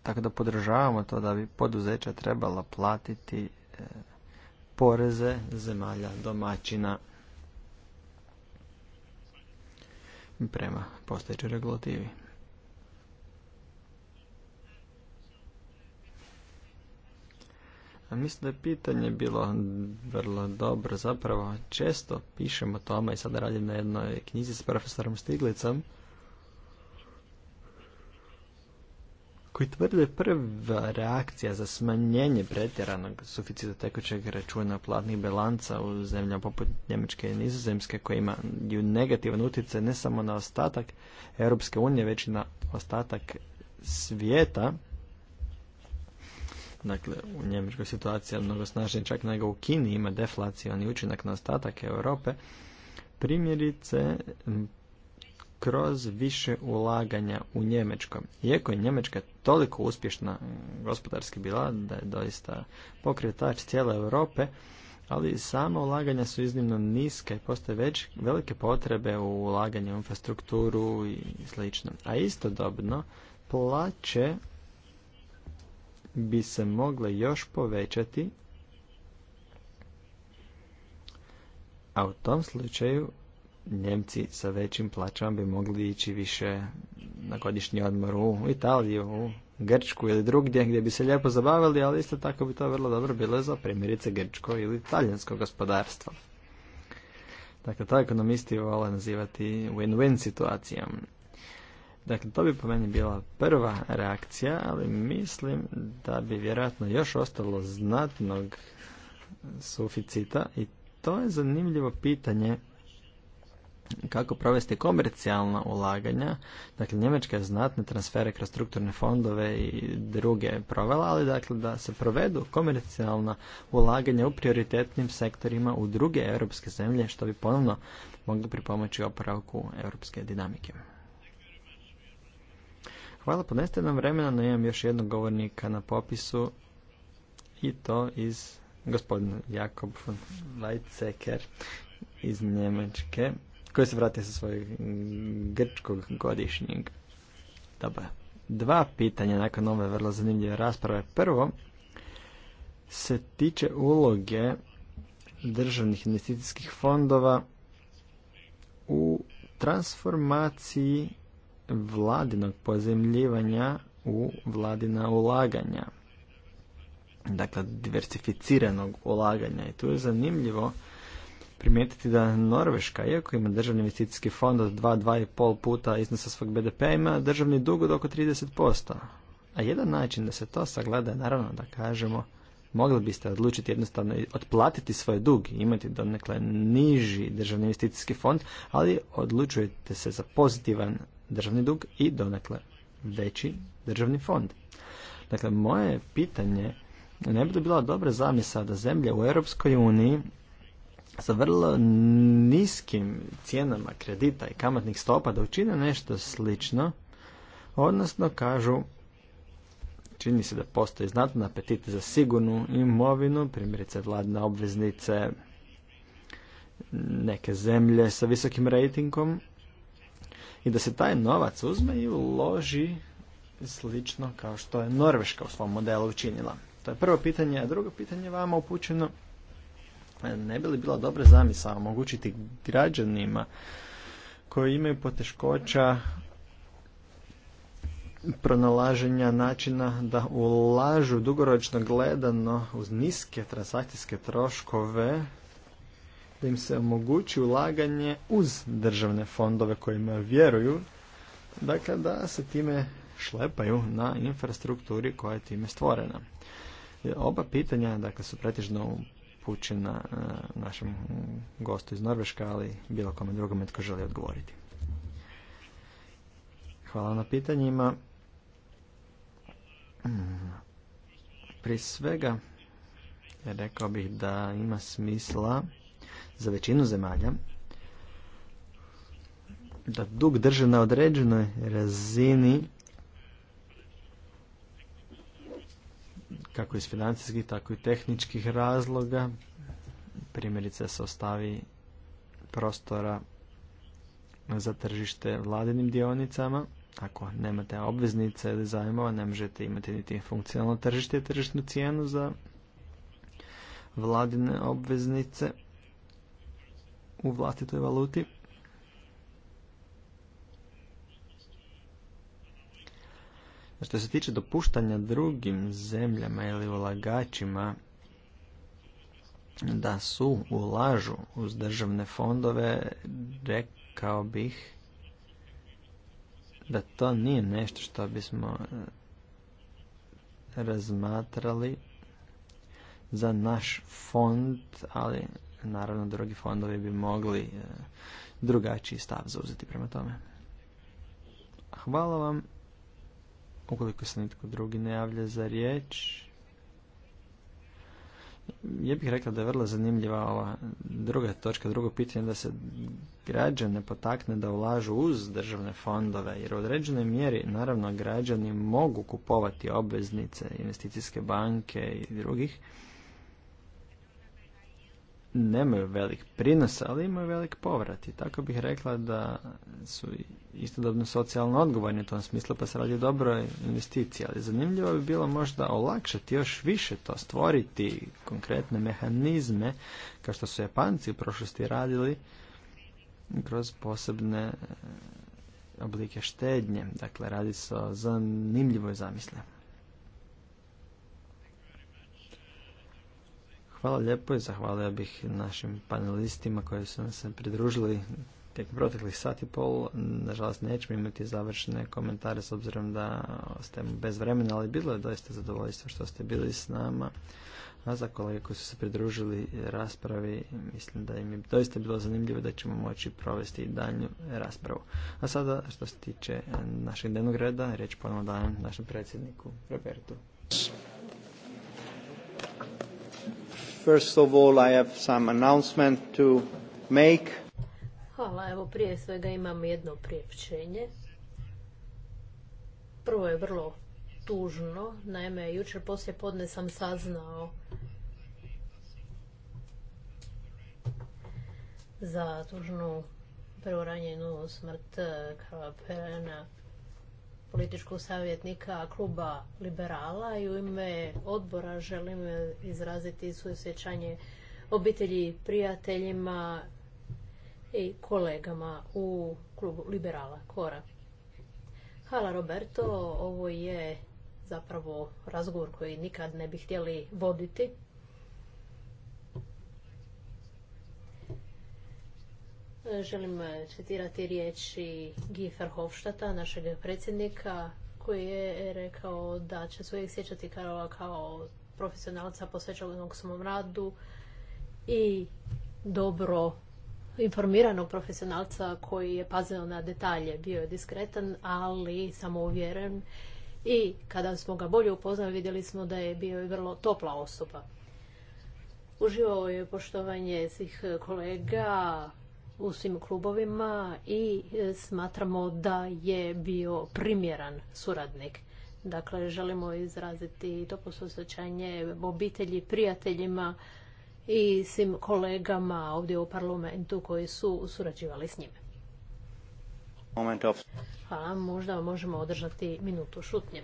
Tako da podržavamo to da bi poduzeća trebala platiti e, poreze zemalja domaćina prema postojećoj regulativi. Mislim da je pitanje bilo vrlo dobro. Zapravo često pišemo o tome i sada radim na jednoj knjizi s profesorom Stiglicom koji tvrde prva reakcija za smanjenje pretjeranog suficita tekućeg računa platnih bilanca u zemljama poput Njemačke i Nizozemske koja ima negativan utjecaj ne samo na ostatak Europske unije već i na ostatak svijeta Dakle, u Njemačkoj situacija mnogo snažnija čak nego u Kini ima deflacioni učinak na ostatak Europe. Primjerice, kroz više ulaganja u Njemačkom. Iako je Njemačka toliko uspješna gospodarski bila da je doista pokretač cijele Europe, ali samo ulaganja su iznimno niska i postoje već velike potrebe u ulaganje u infrastrukturu i slično. A istodobno plaće bi se mogle još povećati, a u tom slučaju Njemci sa većim plaćama bi mogli ići više na godišnji odmor u Italiju, u Grčku ili drugdje gdje bi se lijepo zabavili, ali isto tako bi to vrlo dobro bilo za primjerice grčko ili talijansko gospodarstvo. Dakle, to ekonomisti vole nazivati win-win situacijom. Dakle, to bi po meni bila prva reakcija, ali mislim da bi vjerojatno još ostalo znatnog suficita i to je zanimljivo pitanje kako provesti komercijalna ulaganja. Dakle, Njemačka je znatne transfere kroz strukturne fondove i druge provela, ali dakle da se provedu komercijalna ulaganja u prioritetnim sektorima u druge europske zemlje, što bi ponovno mogli pripomoći oporavku europske dinamike. Hvala, poneste nam vremena, no imam još jednog govornika na popisu i to iz gospodina Jakob von Weizsäcker iz Njemačke, koji se vratio sa svojeg grčkog godišnjeg. Dobar. Dva pitanja nakon ove vrlo zanimljive rasprave. Prvo se tiče uloge državnih investicijskih fondova u transformaciji vladinog pozemljivanja u vladina ulaganja. Dakle, diversificiranog ulaganja. I tu je zanimljivo primijetiti da Norveška, iako ima državni investicijski fond od 2-2,5 puta iznosa svog BDP, ima državni dug od oko 30%. A jedan način da se to sagleda je naravno da kažemo mogli biste odlučiti jednostavno otplatiti svoj dug i imati donekle niži državni investicijski fond, ali odlučujete se za pozitivan državni dug i donekle veći državni fond. Dakle, moje pitanje ne bi bila dobra zamisa da zemlje u Europskoj uniji sa vrlo niskim cijenama kredita i kamatnih stopa da učine nešto slično, odnosno kažu čini se da postoji znatno apetit za sigurnu imovinu, primjerice vladne obveznice, neke zemlje sa visokim rejtingom, i da se taj novac uzme i uloži slično kao što je Norveška u svom modelu učinila. To je prvo pitanje, a drugo pitanje vama upućeno ne bi li bila dobra zamisa omogućiti građanima koji imaju poteškoća pronalaženja načina da ulažu dugoročno gledano uz niske transakcijske troškove da im se omogući ulaganje uz državne fondove kojima vjeruju, dakle da se time šlepaju na infrastrukturi koja je time stvorena. E, oba pitanja dakle, su pretežno upućena e, našem gostu iz Norveška, ali bilo kome drugome tko želi odgovoriti. Hvala na pitanjima. Prije svega, rekao bih da ima smisla za većinu zemalja da dug drže na određenoj razini kako iz financijskih, tako i tehničkih razloga. Primjerice se ostavi prostora za tržište vladinim dionicama. Ako nemate obveznice ili zajmova, ne možete imati niti funkcionalno tržište i tržišnu cijenu za vladine obveznice u vlastitoj valuti. Što se tiče dopuštanja drugim zemljama ili ulagačima da su ulažu uz državne fondove, rekao bih da to nije nešto što bismo e, razmatrali za naš fond, ali naravno drugi fondovi bi mogli e, drugačiji stav zauzeti prema tome. Hvala vam. Ukoliko se nitko drugi ne javlja za riječ, ja bih rekla da je vrlo zanimljiva ova druga točka, drugo pitanje da se građane potakne da ulažu uz državne fondove, jer u određenoj mjeri naravno građani mogu kupovati obveznice, investicijske banke i drugih, nemaju velik prinos, ali imaju velik povrat. I tako bih rekla da su istodobno socijalno odgovorni u tom smislu, pa se radi dobroj investiciji, Ali zanimljivo bi bilo možda olakšati još više to, stvoriti konkretne mehanizme, kao što su Japanci u prošlosti radili, kroz posebne e, oblike štednje. Dakle, radi se o zanimljivoj zamisli. Hvala lijepo i zahvalio bih našim panelistima koji su nam se pridružili tijekom proteklih sat i pol. Nažalost nećemo imati završne komentare s obzirom da ostajemo bez vremena, ali bilo je doista zadovoljstvo što ste bili s nama. A za kolege koji su se pridružili raspravi, mislim da im je doista bilo zanimljivo da ćemo moći provesti daljnju raspravu. A sada, što se tiče našeg dnevnog reda, riječ ponovno dajem našem predsjedniku Robertu. First of all, I announcement Hvala, evo prije svega imam jedno priopćenje. Prvo je vrlo tužno, naime jučer poslije podne sam saznao za tužnu preuranjenu smrt eh, Karla političkog savjetnika kluba liberala i u ime odbora želim izraziti sjećanje obitelji, prijateljima i kolegama u klubu liberala Kora. Hvala Roberto, ovo je zapravo razgovor koji nikad ne bi htjeli voditi. želim e, citirati riječi Guy Verhofstadta, našeg predsjednika, koji je rekao da će se uvijek sjećati Karola kao profesionalca posvećenog svom radu i dobro informiranog profesionalca koji je pazio na detalje. Bio je diskretan, ali samouvjeren i kada smo ga bolje upoznali vidjeli smo da je bio i vrlo topla osoba. Uživao je poštovanje svih kolega, u svim klubovima i e, smatramo da je bio primjeran suradnik. Dakle, želimo izraziti to posvećanje obitelji, prijateljima i svim kolegama ovdje u parlamentu koji su surađivali s njime. Hvala, možda možemo održati minutu šutnje.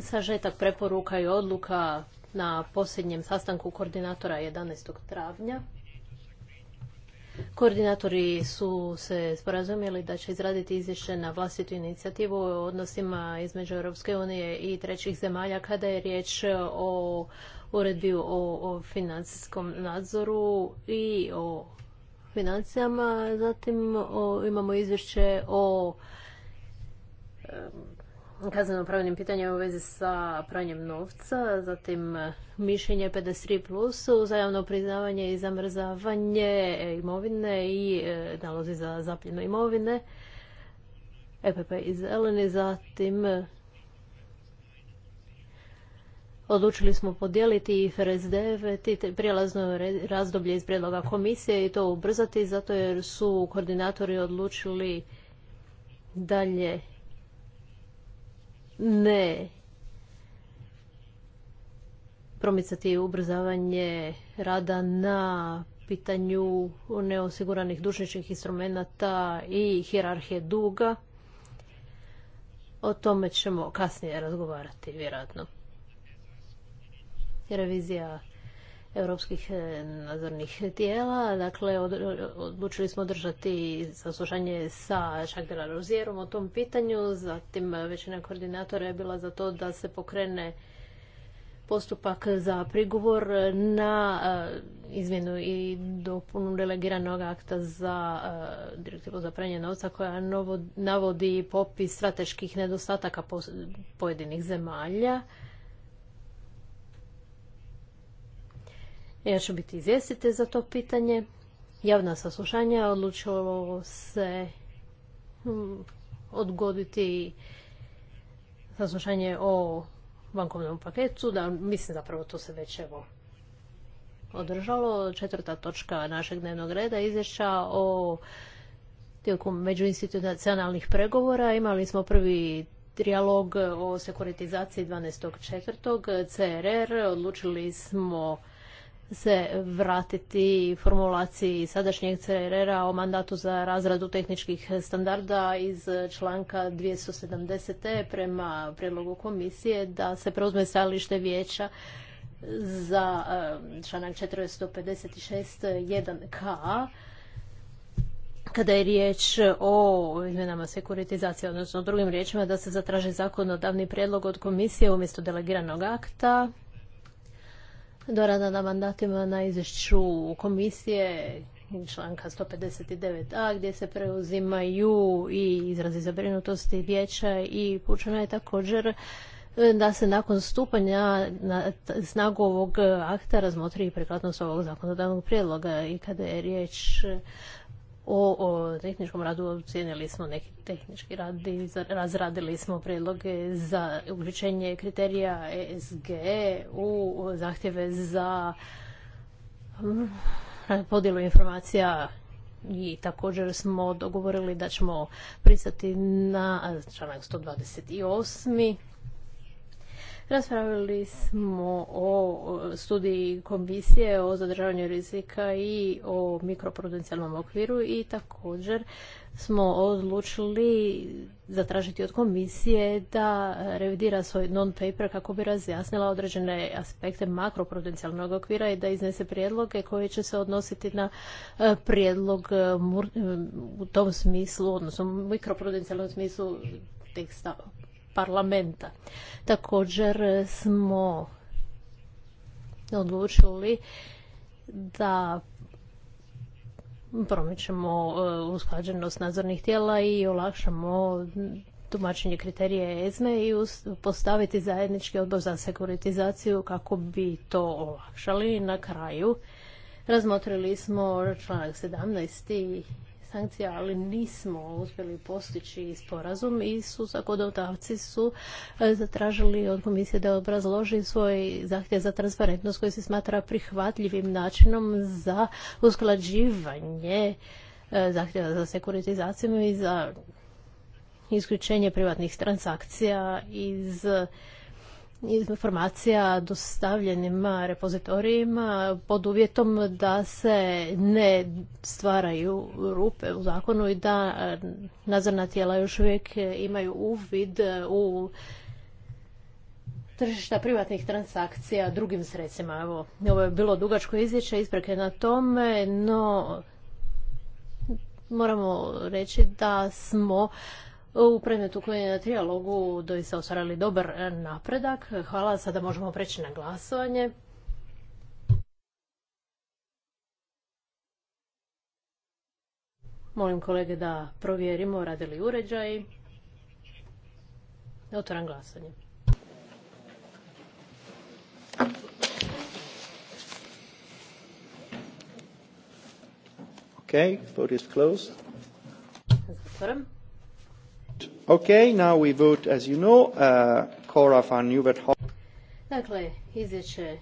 Sažetak preporuka i odluka na posljednjem sastanku koordinatora 11. travnja. Koordinatori su se sporazumjeli da će izraditi izvješće na vlastitu inicijativu o odnosima između Europske unije i trećih zemalja kada je riječ o uredbi o, o financijskom nadzoru i o financijama, zatim imamo izvješće o kaznenom pravnim pitanjima u vezi sa pranjem novca, zatim e, mišljenje 53+, plus, uzajamno priznavanje i zamrzavanje imovine i e, nalozi za zapljenu imovine, EPP iz zeleni, zatim Odlučili smo podijeliti i FRS 9 i prijelazno razdoblje iz predloga komisije i to ubrzati zato jer su koordinatori odlučili dalje ne promicati ubrzavanje rada na pitanju neosiguranih dužničkih instrumenata i hjerarhije duga. O tome ćemo kasnije razgovarati, vjerojatno revizija europskih e, nadzornih tijela. Dakle, odlučili smo održati saslušanje sa Šakdela Rozijerom o tom pitanju. Zatim, većina koordinatora je bila za to da se pokrene postupak za prigovor na e, izmjenu i dopunu delegiranog akta za e, direktivu za pranje novca koja navodi popis strateških nedostataka pojedinih zemalja Ja ću biti izvjestitelj za to pitanje. Javna saslušanja odlučilo se hm, odgoditi saslušanje o bankovnom paketu. Da, mislim zapravo to se već evo održalo. Četvrta točka našeg dnevnog reda izvješća o tijekom međuinstitucionalnih pregovora. Imali smo prvi trijalog o sekuritizaciji 12.4. CRR. Odlučili smo se vratiti formulaciji sadašnjeg CRR-a o mandatu za razradu tehničkih standarda iz članka 270. prema prijedlogu komisije da se preuzme stajalište vijeća za eh, članak 456.1k kada je riječ o izmjenama sekuritizacije, odnosno drugim riječima da se zatraži zakonodavni prijedlog od komisije umjesto delegiranog akta dorada na mandatima na izvješću komisije članka 159a gdje se preuzimaju i izrazi zabrinutosti vijeća i pučana je također e, da se nakon stupanja na snagu ovog akta razmotri i prikladnost ovog zakonodavnog prijedloga i kada je riječ o, tehničkom radu ocijenili smo neki tehnički rad i razradili smo predloge za uključenje kriterija ESG u zahtjeve za mm, podjelu informacija i također smo dogovorili da ćemo pristati na članak 128 Raspravili smo o studiji komisije o zadržavanju rizika i o mikroprudencijalnom okviru i također smo odlučili zatražiti od komisije da revidira svoj non-paper kako bi razjasnila određene aspekte makroprudencijalnog okvira i da iznese prijedloge koji će se odnositi na e, prijedlog e, e, u tom smislu, odnosno mikroprudencijalnom smislu teksta parlamenta. Također smo odlučili da promičemo e, usklađenost nadzornih tijela i olakšamo tumačenje kriterije EZME i postaviti zajednički odbor za sekuritizaciju kako bi to olakšali. Na kraju razmotrili smo članak 17 sankcija, ali nismo uspjeli postići sporazum i su zakonodavci su e, zatražili od komisije da obrazloži svoj zahtjev za transparentnost koji se smatra prihvatljivim načinom za usklađivanje e, zahtjeva za sekuritizacijom i za isključenje privatnih transakcija iz informacija dostavljenim repozitorijima pod uvjetom da se ne stvaraju rupe u zakonu i da nadzorna tijela još uvijek imaju uvid u tržišta privatnih transakcija drugim sredstvima. Evo, ovo je bilo dugačko izvješće, ispreke na tome, no moramo reći da smo u predmetu koji je na trijalogu doista ostvarili dobar napredak. Hvala, sada možemo preći na glasovanje. Molim kolege da provjerimo rade li uređaj. Otvoram glasanje. Okay, vote Okay, now we vote, as you know, uh, Cora van Nieuwenhuizen. Dakle, izvješće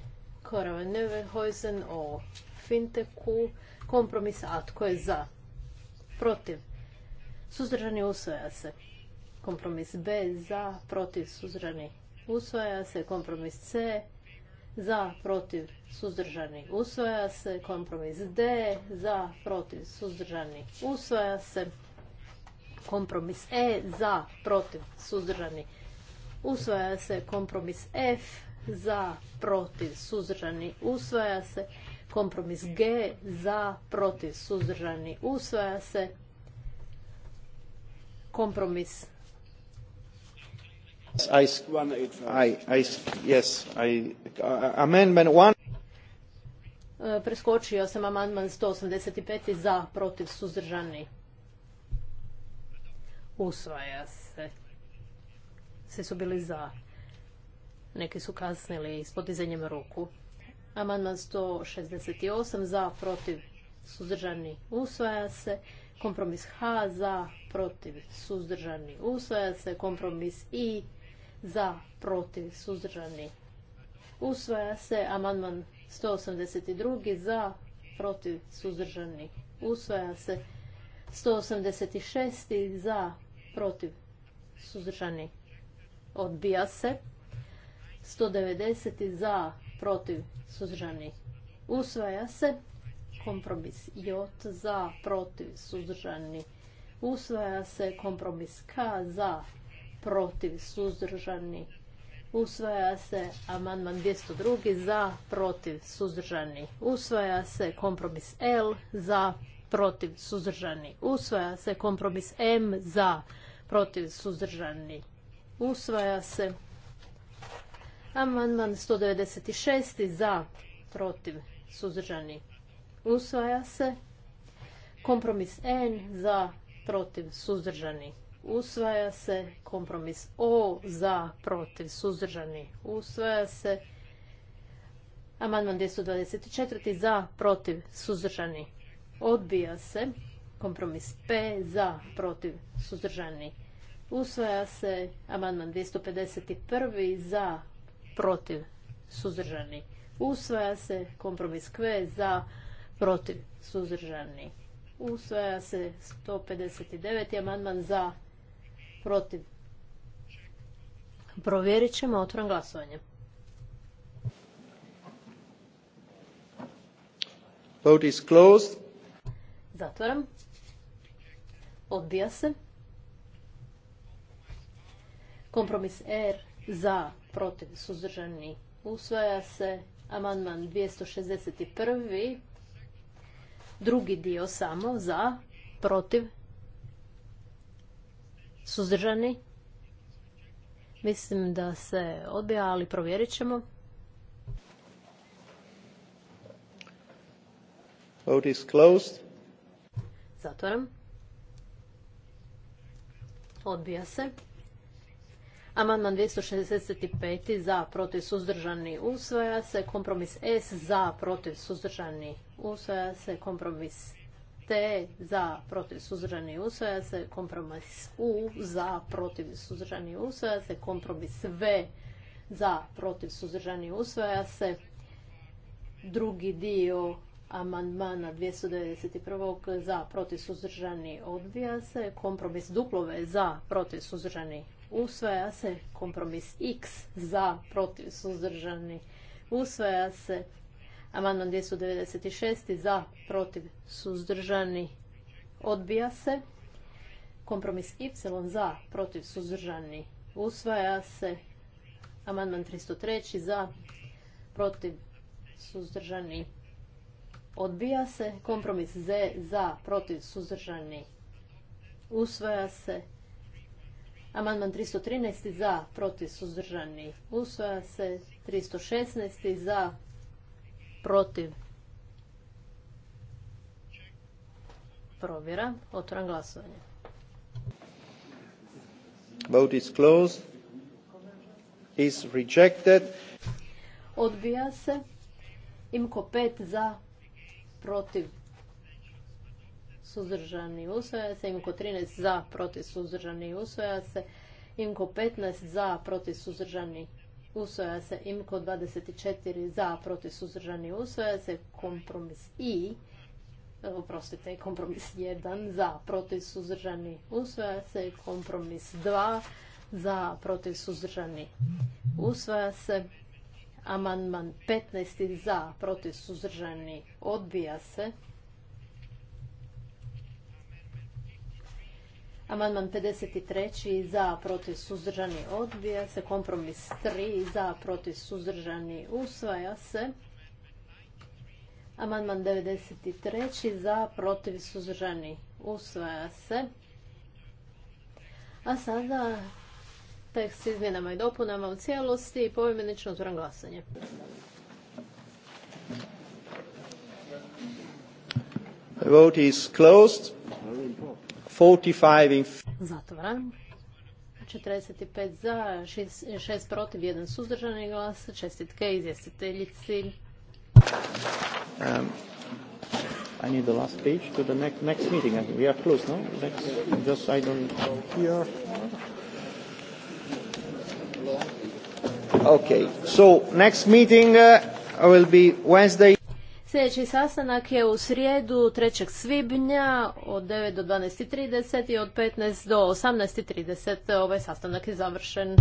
Cora van Nieuwenhuizen o finteku, kompromis A, tko je za, protiv, suzdržani usvoja se. Kompromis B, za, protiv, suzdržani usvoja se. Kompromis C, za, protiv, suzdržani usvoja se. Kompromis D, za, protiv, suzdržani usvoja se kompromis E za, protiv, suzdržani. Usvaja se kompromis F za, protiv, suzdržani. Usvaja se kompromis G za, protiv, suzdržani. Usvaja se kompromis uh, e, Preskočio sam amandman 185. za, protiv, suzdržani usvaja se. Svi su bili za. Neki su kasnili s podizanjem ruku. Amandman 168 za, protiv, suzdržani, usvaja se. Kompromis H za, protiv, suzdržani, usvaja se. Kompromis I za, protiv, suzdržani, usvaja se. Amandman 182 za, protiv, suzdržani, usvaja se. 186 za, protiv, suzdržani, odbija se. 190 za, protiv, suzdržani, usvaja se. Kompromis J za, protiv, suzdržani, usvaja se. Kompromis K za, protiv, suzdržani, Usvaja se amandman 202. za, protiv, suzdržani. Usvaja se kompromis L za, protiv, suzdržani. Usvaja se kompromis M za, protiv, suzdržani, usvaja se. Amandman 196. za, protiv, suzdržani, usvaja se. Kompromis N za, protiv, suzdržani, usvaja se. Kompromis O za, protiv, suzdržani, usvaja se. Amandman 224. za, protiv, suzdržani, odbija se. Kompromis P za, protiv, suzdržani. Usvaja se amandman 251. za, protiv, suzdržani. Usvaja se kompromis Q za, protiv, suzdržani. Usvaja se 159. amandman za, protiv. Provjerit ćemo, otvoren glasovanje. Vote is closed. Zatvaram. Odbija se. Kompromis R za protiv suzdržani usvaja se. Amandman 261. Drugi dio samo za protiv suzdržani. Mislim da se odbija, ali provjerit ćemo. Vote is closed. Zatvoram. Odbija se. Amandman 265. za, protiv, suzdržani, usvaja se. Kompromis S za, protiv, suzdržani, usvaja se. Kompromis T za, protiv, suzdržani, usvaja se. Kompromis U za, protiv, suzdržani, usvaja se. Kompromis V za, protiv, suzdržani, usvaja se. Drugi dio amandmana 291. za protiv suzdržani odbija se, kompromis duplove za protiv suzdržani usvaja se, kompromis x za protiv suzdržani usvaja se, amandman 296. za protiv suzdržani odbija se, kompromis y za protiv suzdržani usvaja se, amandman 303. za protiv suzdržani Odbija se. Kompromis Z za, protiv, suzdržani. Usvaja se. Amandman 313. za, protiv, suzdržani. Usvaja se. 316. za, protiv. Provjera. Otvoram glasovanje. is Is rejected. Odbija se. Imko pet za, protiv suzdržani usvoja se, imko 13 za protiv suzdržani usvoja se, imko 15 za protiv suzdržani usvoja se, imko 24 za protiv suzdržani usvoja se, kompromis i oprostite, kompromis 1 za protiv suzdržani usvoja se, kompromis 2 za protiv suzdržani usvoja se, Amandman 15. za, protiv suzdržani, odbija se. Amandman 53. za, protiv suzdržani, odbija se. Kompromis 3. za, protiv suzdržani, usvaja se. Amandman 93. za, protiv suzdržani, usvaja se. A sada tekst s izmjenama i dopunama u cijelosti i poimenično otvoram glasanje. The vote is closed. 45 in... Zatvoran. 45 za, 6, 6 protiv, 1 suzdržani glas. Čestitke izvjestiteljici. Um, I need the last page to the next, next meeting. We are close, no? Next, just I don't go here. Okay. So, next meeting uh, will be Wednesday. Sljedeći sastanak je u srijedu 3. svibnja od 9 do 12.30 i od 15 do 18.30 ovaj sastanak je završen.